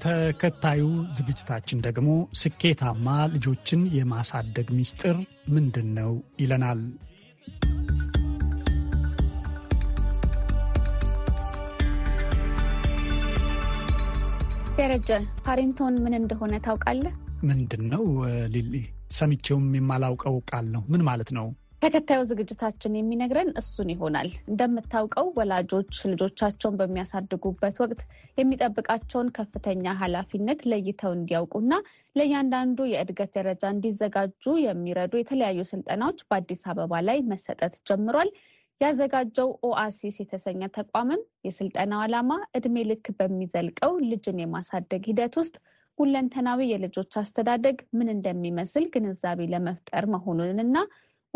ተከታዩ ዝግጅታችን ደግሞ ስኬታማ ልጆችን የማሳደግ ሚስጥር ምንድን ነው ይለናል። ደረጀ ፓሪንቶን ምን እንደሆነ ታውቃለህ? ምንድን ነው ሊሊ? ሰምቼውም የማላውቀው ቃል ነው። ምን ማለት ነው? ተከታዩ ዝግጅታችን የሚነግረን እሱን ይሆናል። እንደምታውቀው ወላጆች ልጆቻቸውን በሚያሳድጉበት ወቅት የሚጠብቃቸውን ከፍተኛ ኃላፊነት ለይተው እንዲያውቁና ለእያንዳንዱ የእድገት ደረጃ እንዲዘጋጁ የሚረዱ የተለያዩ ስልጠናዎች በአዲስ አበባ ላይ መሰጠት ጀምሯል። ያዘጋጀው ኦአሲስ የተሰኘ ተቋምም የስልጠናው ዓላማ እድሜ ልክ በሚዘልቀው ልጅን የማሳደግ ሂደት ውስጥ ሁለንተናዊ የልጆች አስተዳደግ ምን እንደሚመስል ግንዛቤ ለመፍጠር መሆኑንና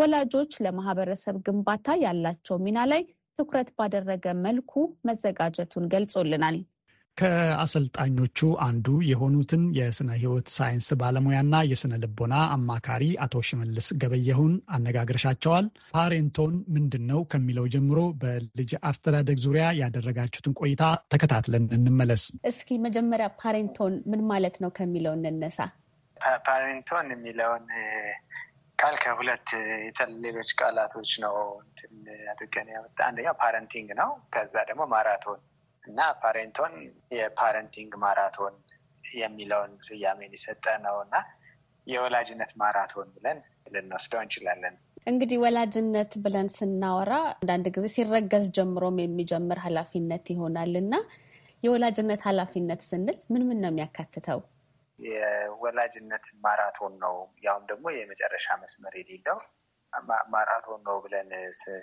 ወላጆች ለማህበረሰብ ግንባታ ያላቸው ሚና ላይ ትኩረት ባደረገ መልኩ መዘጋጀቱን ገልጾልናል። ከአሰልጣኞቹ አንዱ የሆኑትን የስነ ህይወት ሳይንስ ባለሙያና የስነ ልቦና አማካሪ አቶ ሽመልስ ገበየሁን አነጋግረሻቸዋል። ፓሬንቶን ምንድን ነው ከሚለው ጀምሮ በልጅ አስተዳደግ ዙሪያ ያደረጋችሁትን ቆይታ ተከታትለን እንመለስ። እስኪ መጀመሪያ ፓሬንቶን ምን ማለት ነው ከሚለው እንነሳ። ፓሬንቶን የሚለውን ቃል ከሁለት ሌሎች ቃላቶች ነው አድርገን ያመጣ አንደኛው ፓረንቲንግ ነው። ከዛ ደግሞ ማራቶን እና ፓሬንቶን የፓረንቲንግ ማራቶን የሚለውን ስያሜ ሊሰጠ ነው እና የወላጅነት ማራቶን ብለን ልንወስደው እንችላለን። እንግዲህ ወላጅነት ብለን ስናወራ አንዳንድ ጊዜ ሲረገዝ ጀምሮም የሚጀምር ኃላፊነት ይሆናል እና የወላጅነት ኃላፊነት ስንል ምን ምን ነው የሚያካትተው? የወላጅነት ማራቶን ነው ያውም ደግሞ የመጨረሻ መስመር የሌለው ማራቶን ነው ብለን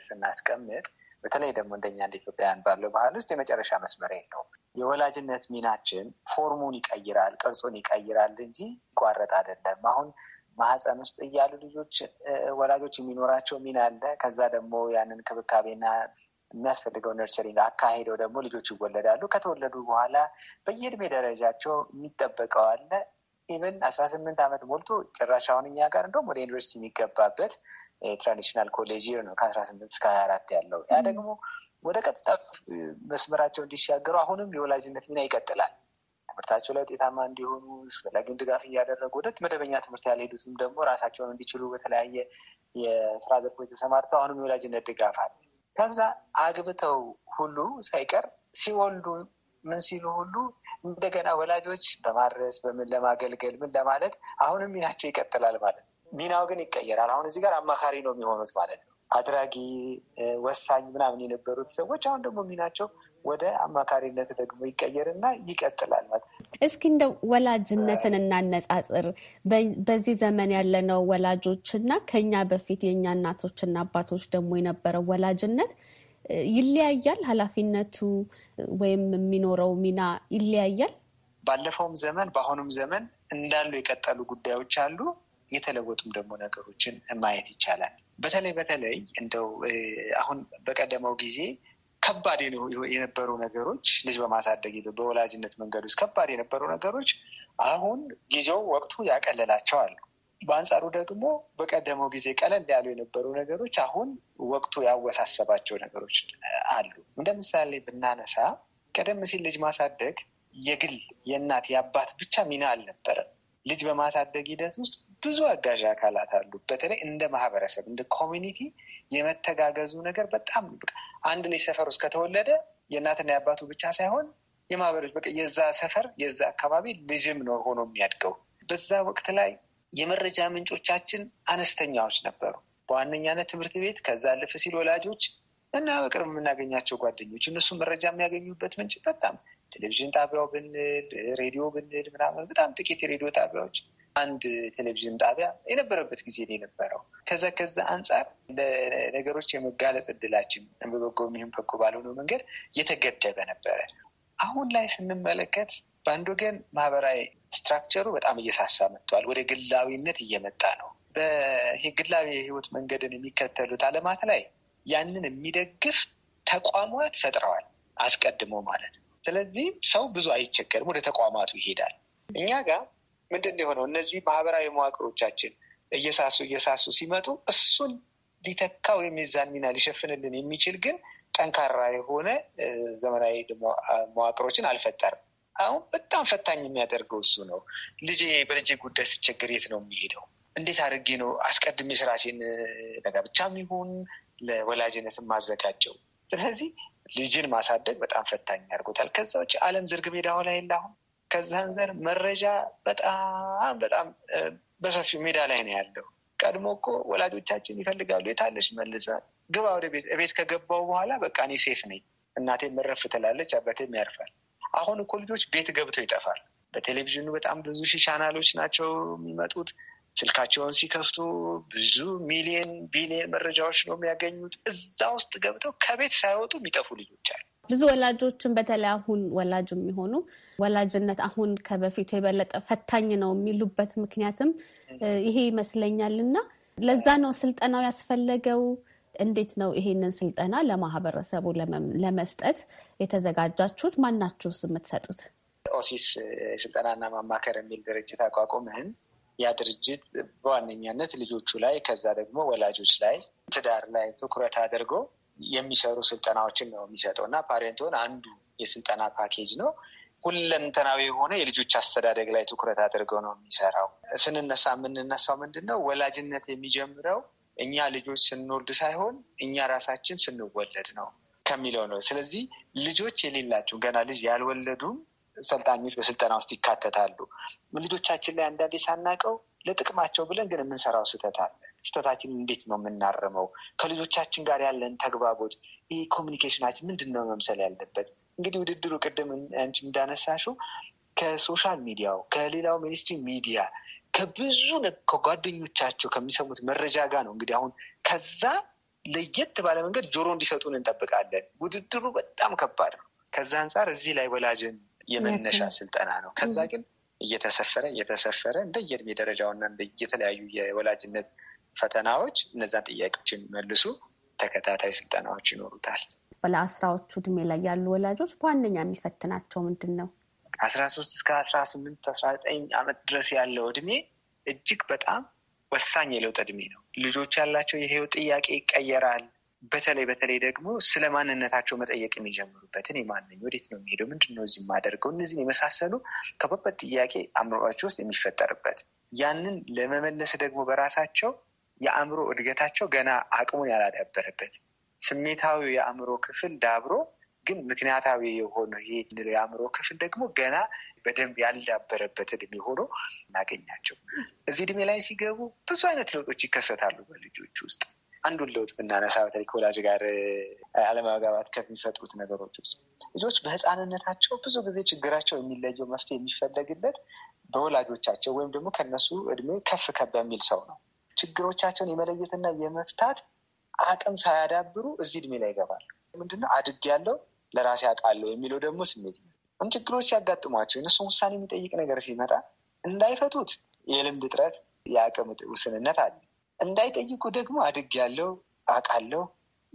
ስናስቀምጥ በተለይ ደግሞ እንደኛ እንደ ኢትዮጵያውያን ባለው ባህል ውስጥ የመጨረሻ መስመር የለውም። የወላጅነት ሚናችን ፎርሙን ይቀይራል፣ ቅርጹን ይቀይራል እንጂ ይቋረጥ አይደለም። አሁን ማህፀን ውስጥ እያሉ ልጆች ወላጆች የሚኖራቸው ሚና አለ። ከዛ ደግሞ ያንን ክብካቤና የሚያስፈልገው ነርቸሪንግ አካሄደው ደግሞ ልጆች ይወለዳሉ። ከተወለዱ በኋላ በየእድሜ ደረጃቸው የሚጠበቀው አለ። ኢቨን አስራ ስምንት ዓመት ሞልቶ ጭራሽ አሁን እኛ ጋር እንደውም ወደ ዩኒቨርሲቲ የሚገባበት ትራዲሽናል ኮሌጅ ይር ነው ከአስራ ስምንት እስከ ሀያ አራት ያለው ያ ደግሞ ወደ ቀጥታ መስመራቸው እንዲሻገሩ አሁንም የወላጅነት ሚና ይቀጥላል። ትምህርታቸው ላይ ውጤታማ እንዲሆኑ አስፈላጊውን ድጋፍ እያደረጉ ወደ መደበኛ ትምህርት ያልሄዱትም ደግሞ ራሳቸውን እንዲችሉ በተለያየ የስራ ዘርፎች ተሰማርተው አሁንም የወላጅነት ድጋፍ አለ። ከዛ አግብተው ሁሉ ሳይቀር ሲወልዱ ምን ሲሉ ሁሉ እንደገና ወላጆች በማድረስ በምን ለማገልገል ምን ለማለት አሁንም ሚናቸው ይቀጥላል ማለት ነው። ሚናው ግን ይቀየራል። አሁን እዚህ ጋር አማካሪ ነው የሚሆኑት ማለት ነው። አድራጊ ወሳኝ ምናምን የነበሩት ሰዎች አሁን ደግሞ ሚናቸው ወደ አማካሪነት ደግሞ ይቀየርና ይቀጥላል ማለት ነው። እስኪ እንደ ወላጅነትን እናነጻጽር። በዚህ ዘመን ያለነው ወላጆች እና ከኛ በፊት የእኛ እናቶችና አባቶች ደግሞ የነበረው ወላጅነት ይለያያል። ኃላፊነቱ ወይም የሚኖረው ሚና ይለያያል። ባለፈውም ዘመን በአሁኑም ዘመን እንዳሉ የቀጠሉ ጉዳዮች አሉ። የተለወጡም ደግሞ ነገሮችን ማየት ይቻላል። በተለይ በተለይ እንደው አሁን በቀደመው ጊዜ ከባድ የነበሩ ነገሮች ልጅ በማሳደግ በወላጅነት መንገድ ውስጥ ከባድ የነበሩ ነገሮች አሁን ጊዜው ወቅቱ ያቀለላቸው አሉ። በአንጻሩ ደግሞ በቀደመው ጊዜ ቀለል ያሉ የነበሩ ነገሮች አሁን ወቅቱ ያወሳሰባቸው ነገሮች አሉ። እንደ ምሳሌ ብናነሳ ቀደም ሲል ልጅ ማሳደግ የግል የእናት የአባት ብቻ ሚና አልነበረም። ልጅ በማሳደግ ሂደት ውስጥ ብዙ አጋዥ አካላት አሉ። በተለይ እንደ ማህበረሰብ እንደ ኮሚኒቲ የመተጋገዙ ነገር በጣም አንድ ልጅ ሰፈር ውስጥ ከተወለደ የእናትና የአባቱ ብቻ ሳይሆን የማህበረች በቃ የዛ ሰፈር የዛ አካባቢ ልጅም ነው ሆኖ የሚያድገው። በዛ ወቅት ላይ የመረጃ ምንጮቻችን አነስተኛዎች ነበሩ። በዋነኛነት ትምህርት ቤት፣ ከዛ አለፍ ሲል ወላጆች እና በቅርብ የምናገኛቸው ጓደኞች፣ እነሱ መረጃ የሚያገኙበት ምንጭ በጣም ቴሌቪዥን ጣቢያው ብንል ሬዲዮ ብንል ምናምን በጣም ጥቂት የሬዲዮ ጣቢያዎች አንድ ቴሌቪዥን ጣቢያ የነበረበት ጊዜ ነው የነበረው። ከዛ ከዛ አንጻር ለነገሮች የመጋለጥ እድላችን በበጎ ይሁን በጎ ባልሆነው መንገድ የተገደበ ነበረ። አሁን ላይ ስንመለከት በአንድ ወገን ማህበራዊ ስትራክቸሩ በጣም እየሳሳ መጥቷል። ወደ ግላዊነት እየመጣ ነው። በግላዊ የህይወት መንገድን የሚከተሉት አለማት ላይ ያንን የሚደግፍ ተቋማት ፈጥረዋል፣ አስቀድሞ ማለት ነው። ስለዚህ ሰው ብዙ አይቸገርም፣ ወደ ተቋማቱ ይሄዳል። እኛ ጋር ምንድን የሆነው እነዚህ ማህበራዊ መዋቅሮቻችን እየሳሱ እየሳሱ ሲመጡ እሱን ሊተካው የሚዛን ሚና ሊሸፍንልን የሚችል ግን ጠንካራ የሆነ ዘመናዊ መዋቅሮችን አልፈጠርም። አሁን በጣም ፈታኝ የሚያደርገው እሱ ነው። ልጄ በልጄ ጉዳይ ስቸገር የት ነው የሚሄደው? እንዴት አድርጌ ነው አስቀድሜ ስራሴን ብቻ የሚሆን ለወላጅነት ማዘጋጀው? ስለዚህ ልጅን ማሳደግ በጣም ፈታኝ ያደርጎታል። ከዛ ውጭ ዝርግ ሜዳ ሆና የለ አሁን ከዛ አንዘር መረጃ በጣም በጣም በሰፊው ሜዳ ላይ ነው ያለው። ቀድሞ እኮ ወላጆቻችን ይፈልጋሉ የታለሽ መልስ ግባ ወደ ቤት ቤት ከገባው በኋላ በቃ እኔ ሴፍ ነኝ፣ እናቴ መረፍ ትላለች፣ አባቴም ያርፋል። አሁን እኮ ልጆች ቤት ገብተው ይጠፋል። በቴሌቪዥኑ በጣም ብዙ ሺህ ቻናሎች ናቸው የሚመጡት። ስልካቸውን ሲከፍቱ ብዙ ሚሊየን ቢሊየን መረጃዎች ነው የሚያገኙት። እዛ ውስጥ ገብተው ከቤት ሳይወጡ የሚጠፉ ልጆች አሉ። ብዙ ወላጆችን በተለይ አሁን ወላጅ የሚሆኑ ወላጅነት አሁን ከበፊቱ የበለጠ ፈታኝ ነው የሚሉበት ምክንያትም ይሄ ይመስለኛል። እና ለዛ ነው ስልጠናው ያስፈለገው። እንዴት ነው ይሄንን ስልጠና ለማህበረሰቡ ለመስጠት የተዘጋጃችሁት? ማናችሁስ የምትሰጡት? ኦሲስ ስልጠናና ማማከር የሚል ድርጅት አቋቁምህን ያ ድርጅት በዋነኛነት ልጆቹ ላይ ከዛ ደግሞ ወላጆች ላይ ትዳር ላይ ትኩረት አድርጎ የሚሰሩ ስልጠናዎችን ነው የሚሰጠው እና ፓሬንትሆን አንዱ የስልጠና ፓኬጅ ነው። ሁለንተናዊ የሆነ የልጆች አስተዳደግ ላይ ትኩረት አድርገው ነው የሚሰራው። ስንነሳ የምንነሳው ምንድን ነው ወላጅነት የሚጀምረው እኛ ልጆች ስንወልድ ሳይሆን እኛ ራሳችን ስንወለድ ነው ከሚለው ነው። ስለዚህ ልጆች የሌላቸው ገና ልጅ ያልወለዱም ሰልጣኞች በስልጠና ውስጥ ይካተታሉ። ልጆቻችን ላይ አንዳንዴ ሳናቀው ለጥቅማቸው ብለን ግን የምንሰራው ስህተት አለ። ስህተታችን እንዴት ነው የምናርመው? ከልጆቻችን ጋር ያለን ተግባቦት፣ ይህ ኮሚኒኬሽናችን ምንድን ነው መምሰል ያለበት? እንግዲህ ውድድሩ ቅድም አንቺ እንዳነሳሽው ከሶሻል ሚዲያው ከሌላው ሚኒስትሪ ሚዲያ ከብዙ ከጓደኞቻቸው ከሚሰሙት መረጃ ጋር ነው እንግዲህ አሁን ከዛ ለየት ባለ መንገድ ጆሮ እንዲሰጡን እንጠብቃለን። ውድድሩ በጣም ከባድ ነው። ከዛ አንጻር እዚህ ላይ ወላጅን የመነሻ ስልጠና ነው። ከዛ ግን እየተሰፈረ እየተሰፈረ እንደየእድሜ ደረጃውና የተለያዩ የወላጅነት ፈተናዎች እነዛን ጥያቄዎች የሚመልሱ ተከታታይ ስልጠናዎች ይኖሩታል። ለአስራዎቹ እድሜ ላይ ያሉ ወላጆች በዋነኛ የሚፈትናቸው ምንድን ነው? አስራ ሶስት እስከ አስራ ስምንት አስራ ዘጠኝ ዓመት ድረስ ያለው እድሜ እጅግ በጣም ወሳኝ የለውጥ እድሜ ነው። ልጆች ያላቸው የህይወት ጥያቄ ይቀየራል። በተለይ በተለይ ደግሞ ስለ ማንነታቸው መጠየቅ የሚጀምሩበትን የማንኝ ወዴት ነው የሚሄደው፣ ምንድን ነው እዚህ የማደርገው፣ እነዚህን የመሳሰሉ ከባባድ ጥያቄ አእምሮአቸው ውስጥ የሚፈጠርበት ያንን ለመመለስ ደግሞ በራሳቸው የአእምሮ እድገታቸው ገና አቅሙን ያላዳበረበት ስሜታዊ የአእምሮ ክፍል ዳብሮ ግን ምክንያታዊ የሆነ ይሄ የአእምሮ ክፍል ደግሞ ገና በደንብ ያልዳበረበት እድሜ ሆኖ እናገኛቸው። እዚህ እድሜ ላይ ሲገቡ ብዙ አይነት ለውጦች ይከሰታሉ በልጆች ውስጥ አንዱን ለውጥ ብናነሳ በተለይ ከወላጅ ጋር አለመግባባት ከሚፈጥሩት ነገሮች ውስጥ ልጆች በህፃንነታቸው ብዙ ጊዜ ችግራቸው የሚለየው መፍትሄ የሚፈለግለት በወላጆቻቸው ወይም ደግሞ ከነሱ እድሜ ከፍ ከ በሚል ሰው ነው። ችግሮቻቸውን የመለየትና የመፍታት አቅም ሳያዳብሩ እዚህ እድሜ ላይ ይገባሉ። ምንድነው አድግ ያለው ለራሴ አውቃለሁ የሚለው ደግሞ ስሜት ነው። ችግሮች ሲያጋጥሟቸው እነሱን ውሳኔ የሚጠይቅ ነገር ሲመጣ እንዳይፈቱት የልምድ እጥረት፣ የአቅም ውስንነት አለ። እንዳይጠይቁ ደግሞ አድግ ያለው አውቃለሁ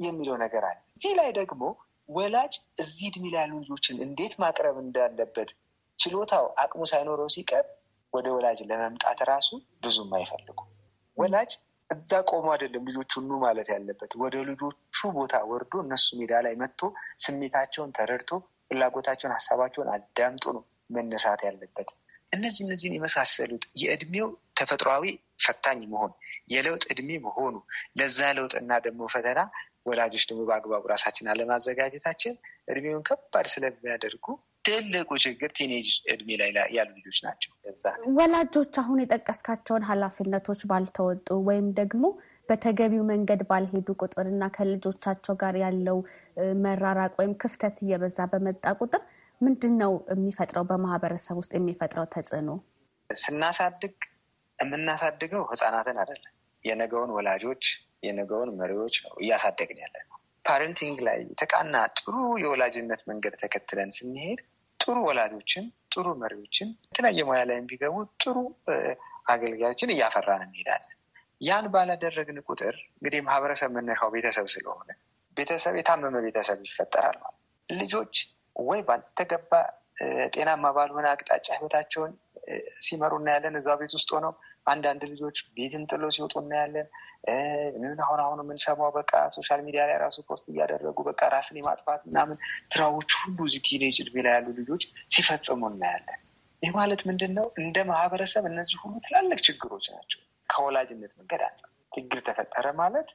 የሚለው ነገር አለ። እዚህ ላይ ደግሞ ወላጅ እዚህ እድሜ ልጆችን እንዴት ማቅረብ እንዳለበት ችሎታው አቅሙ ሳይኖረው ሲቀር ወደ ወላጅ ለመምጣት ራሱ ብዙም አይፈልጉ። ወላጅ እዛ ቆሞ አይደለም ልጆቹ ኑ ማለት ያለበት፣ ወደ ልጆቹ ቦታ ወርዶ እነሱ ሜዳ ላይ መጥቶ ስሜታቸውን ተረድቶ ፍላጎታቸውን፣ ሀሳባቸውን አዳምጦ ነው መነሳት ያለበት። እነዚህ እነዚህን የመሳሰሉት የእድሜው ተፈጥሯዊ ፈታኝ መሆን የለውጥ እድሜ መሆኑ ለዛ ለውጥና ደግሞ ፈተና ወላጆች ደግሞ በአግባቡ ራሳችን አለማዘጋጀታችን እድሜውን ከባድ ስለሚያደርጉ ትልቁ ችግር ቲኔጅ እድሜ ላይ ያሉ ልጆች ናቸው። ለዛ ወላጆች አሁን የጠቀስካቸውን ኃላፊነቶች ባልተወጡ ወይም ደግሞ በተገቢው መንገድ ባልሄዱ ቁጥር እና ከልጆቻቸው ጋር ያለው መራራቅ ወይም ክፍተት እየበዛ በመጣ ቁጥር ምንድን ነው የሚፈጥረው? በማህበረሰብ ውስጥ የሚፈጥረው ተጽዕኖ ስናሳድግ የምናሳድገው ህፃናትን አይደለም፣ የነገውን ወላጆች የነገውን መሪዎች ነው እያሳደግን ያለ ነው። ፓረንቲንግ ላይ ተቃና ጥሩ የወላጅነት መንገድ ተከትለን ስንሄድ ጥሩ ወላጆችን፣ ጥሩ መሪዎችን፣ የተለያየ ሙያ ላይ ቢገቡ ጥሩ አገልጋዮችን እያፈራን እንሄዳለን። ያን ባላደረግን ቁጥር እንግዲህ ማህበረሰብ መነሻው ቤተሰብ ስለሆነ ቤተሰብ የታመመ ቤተሰብ ይፈጠራል ማለት ልጆች ወይ ባልተገባ ጤናማ ባልሆነ አቅጣጫ ህይወታቸውን ሲመሩ እናያለን። እዛ ቤት ውስጥ ሆነው አንዳንድ ልጆች ቤትን ጥሎ ሲወጡ እናያለን። ምን አሁን አሁን የምንሰማው በቃ ሶሻል ሚዲያ ላይ ራሱ ፖስት እያደረጉ በቃ ራስን የማጥፋት ምናምን ትራዎች ሁሉ እዚህ ቲኔጅ እድሜ ላይ ያሉ ልጆች ሲፈጽሙ እናያለን። ይህ ማለት ምንድን ነው? እንደ ማህበረሰብ እነዚህ ሁሉ ትላልቅ ችግሮች ናቸው። ከወላጅነት መንገድ አንጻር ችግር ተፈጠረ ማለት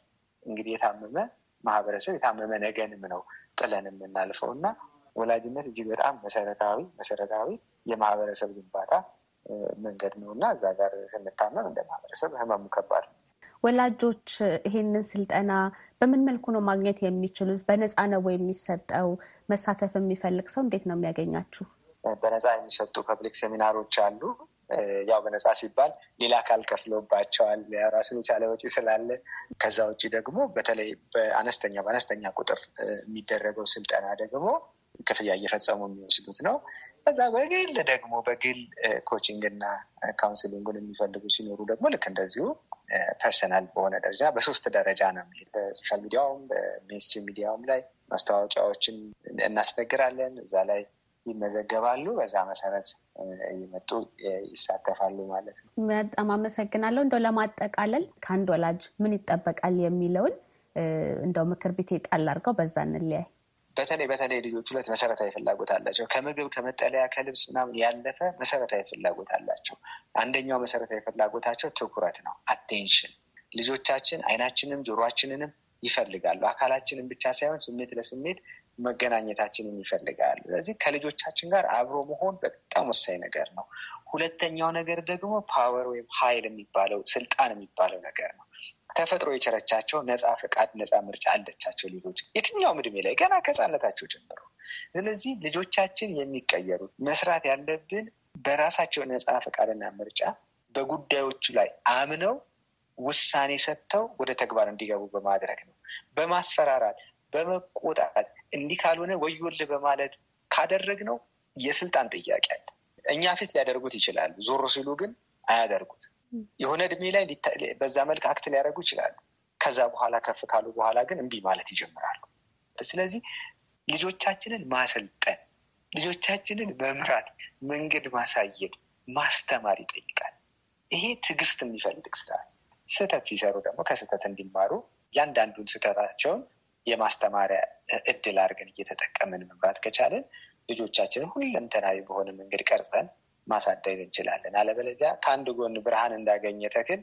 እንግዲህ የታመመ ማህበረሰብ የታመመ ነገንም ነው ጥለን የምናልፈው እና ወላጅነት እጅግ በጣም መሰረታዊ መሰረታዊ የማህበረሰብ ግንባታ መንገድ ነው እና እዛ ጋር ስንታመም እንደ ማህበረሰብ ህመሙ ከባድ ነው። ወላጆች ይሄንን ስልጠና በምን መልኩ ነው ማግኘት የሚችሉት? በነፃ ነው የሚሰጠው? መሳተፍ የሚፈልግ ሰው እንዴት ነው የሚያገኛችሁ? በነፃ የሚሰጡ ፐብሊክ ሴሚናሮች አሉ። ያው በነፃ ሲባል ሌላ አካል ከፍሎባቸዋል ራሱን የቻለ ወጪ ስላለ። ከዛ ውጭ ደግሞ በተለይ በአነስተኛ በአነስተኛ ቁጥር የሚደረገው ስልጠና ደግሞ ክፍያ እየፈጸሙ የሚወስዱት ነው። ከዛ በግል ደግሞ በግል ኮቺንግ እና ካውንስሊንግን የሚፈልጉ ሲኖሩ ደግሞ ልክ እንደዚሁ ፐርሰናል በሆነ ደረጃ በሶስት ደረጃ ነው የሚሄድ። በሶሻል ሚዲያውም በሜንስትሪም ሚዲያውም ላይ ማስታወቂያዎችን እናስነግራለን። እዛ ላይ ይመዘገባሉ። በዛ መሰረት እየመጡ ይሳተፋሉ ማለት ነው። በጣም አመሰግናለሁ። እንደው ለማጠቃለል ከአንድ ወላጅ ምን ይጠበቃል የሚለውን እንደው ምክር ቤት ጣል አድርገው በዛ እንለያይ። በተለይ በተለይ ልጆች ሁለት መሰረታዊ ፍላጎት አላቸው። ከምግብ ከመጠለያ፣ ከልብስ ምናምን ያለፈ መሰረታዊ ፍላጎት አላቸው። አንደኛው መሰረታዊ ፍላጎታቸው ትኩረት ነው፣ አቴንሽን። ልጆቻችን አይናችንም ጆሮአችንንም ይፈልጋሉ። አካላችንን ብቻ ሳይሆን ስሜት ለስሜት መገናኘታችንን ይፈልጋሉ። ስለዚህ ከልጆቻችን ጋር አብሮ መሆን በጣም ወሳኝ ነገር ነው። ሁለተኛው ነገር ደግሞ ፓወር ወይም ኃይል የሚባለው ስልጣን የሚባለው ነገር ነው። ተፈጥሮ የቸረቻቸው ነፃ ፍቃድ ነፃ ምርጫ አለቻቸው ልጆች የትኛውም እድሜ ላይ ገና ከህፃነታቸው ጀምሮ። ስለዚህ ልጆቻችን የሚቀየሩት መስራት ያለብን በራሳቸው ነፃ ፍቃድና ምርጫ በጉዳዮቹ ላይ አምነው ውሳኔ ሰጥተው ወደ ተግባር እንዲገቡ በማድረግ ነው። በማስፈራራት በመቆጣት እንዲህ ካልሆነ ወዮልህ በማለት ካደረግነው የስልጣን ጥያቄ አለ። እኛ ፊት ሊያደርጉት ይችላሉ። ዞር ሲሉ ግን አያደርጉት የሆነ እድሜ ላይ በዛ መልክ አክት ሊያደርጉ ይችላሉ። ከዛ በኋላ ከፍ ካሉ በኋላ ግን እምቢ ማለት ይጀምራሉ። ስለዚህ ልጆቻችንን ማሰልጠን፣ ልጆቻችንን መምራት፣ መንገድ ማሳየት፣ ማስተማር ይጠይቃል። ይሄ ትዕግስት የሚፈልግ ስራ። ስህተት ሲሰሩ ደግሞ ከስህተት እንዲማሩ እያንዳንዱን ስህተታቸውን የማስተማሪያ እድል አድርገን እየተጠቀምን መምራት ከቻለን ልጆቻችንን ሁለንተናዊ በሆነ መንገድ ቀርጸን ማሳደግ እንችላለን። አለበለዚያ ከአንድ ጎን ብርሃን እንዳገኘ ተክል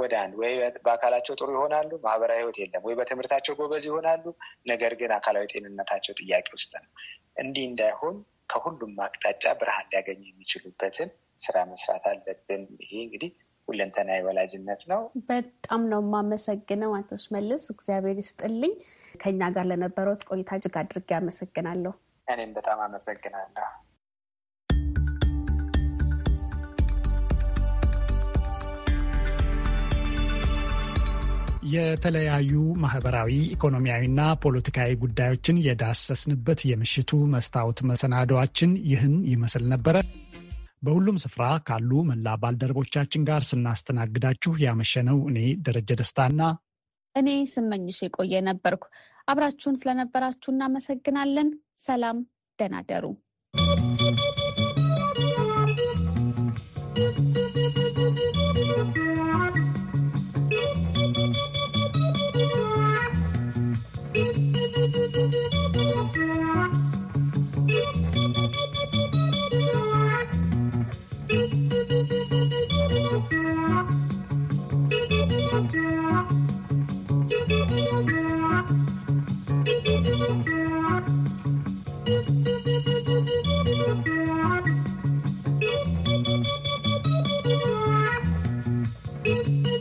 ወደ አንድ ወይ በአካላቸው ጥሩ ይሆናሉ፣ ማህበራዊ ህይወት የለም፣ ወይ በትምህርታቸው ጎበዝ ይሆናሉ፣ ነገር ግን አካላዊ ጤንነታቸው ጥያቄ ውስጥ ነው። እንዲህ እንዳይሆን ከሁሉም አቅጣጫ ብርሃን ሊያገኙ የሚችሉበትን ስራ መስራት አለብን። ይሄ እንግዲህ ሁለንተና ወላጅነት ነው። በጣም ነው የማመሰግነው አቶ ሽመልስ፣ እግዚአብሔር ይስጥልኝ። ከእኛ ጋር ለነበረውት ቆይታ እጅግ አድርጌ አመሰግናለሁ። እኔም በጣም አመሰግናለሁ። የተለያዩ ማህበራዊ ኢኮኖሚያዊና ፖለቲካዊ ጉዳዮችን የዳሰስንበት የምሽቱ መስታወት መሰናዶችን ይህን ይመስል ነበረ። በሁሉም ስፍራ ካሉ መላ ባልደረቦቻችን ጋር ስናስተናግዳችሁ ያመሸነው እኔ ደረጀ ደስታና እኔ ስመኝሽ የቆየ ነበርኩ። አብራችሁን ስለነበራችሁ እናመሰግናለን። ሰላም፣ ደህና ደሩ።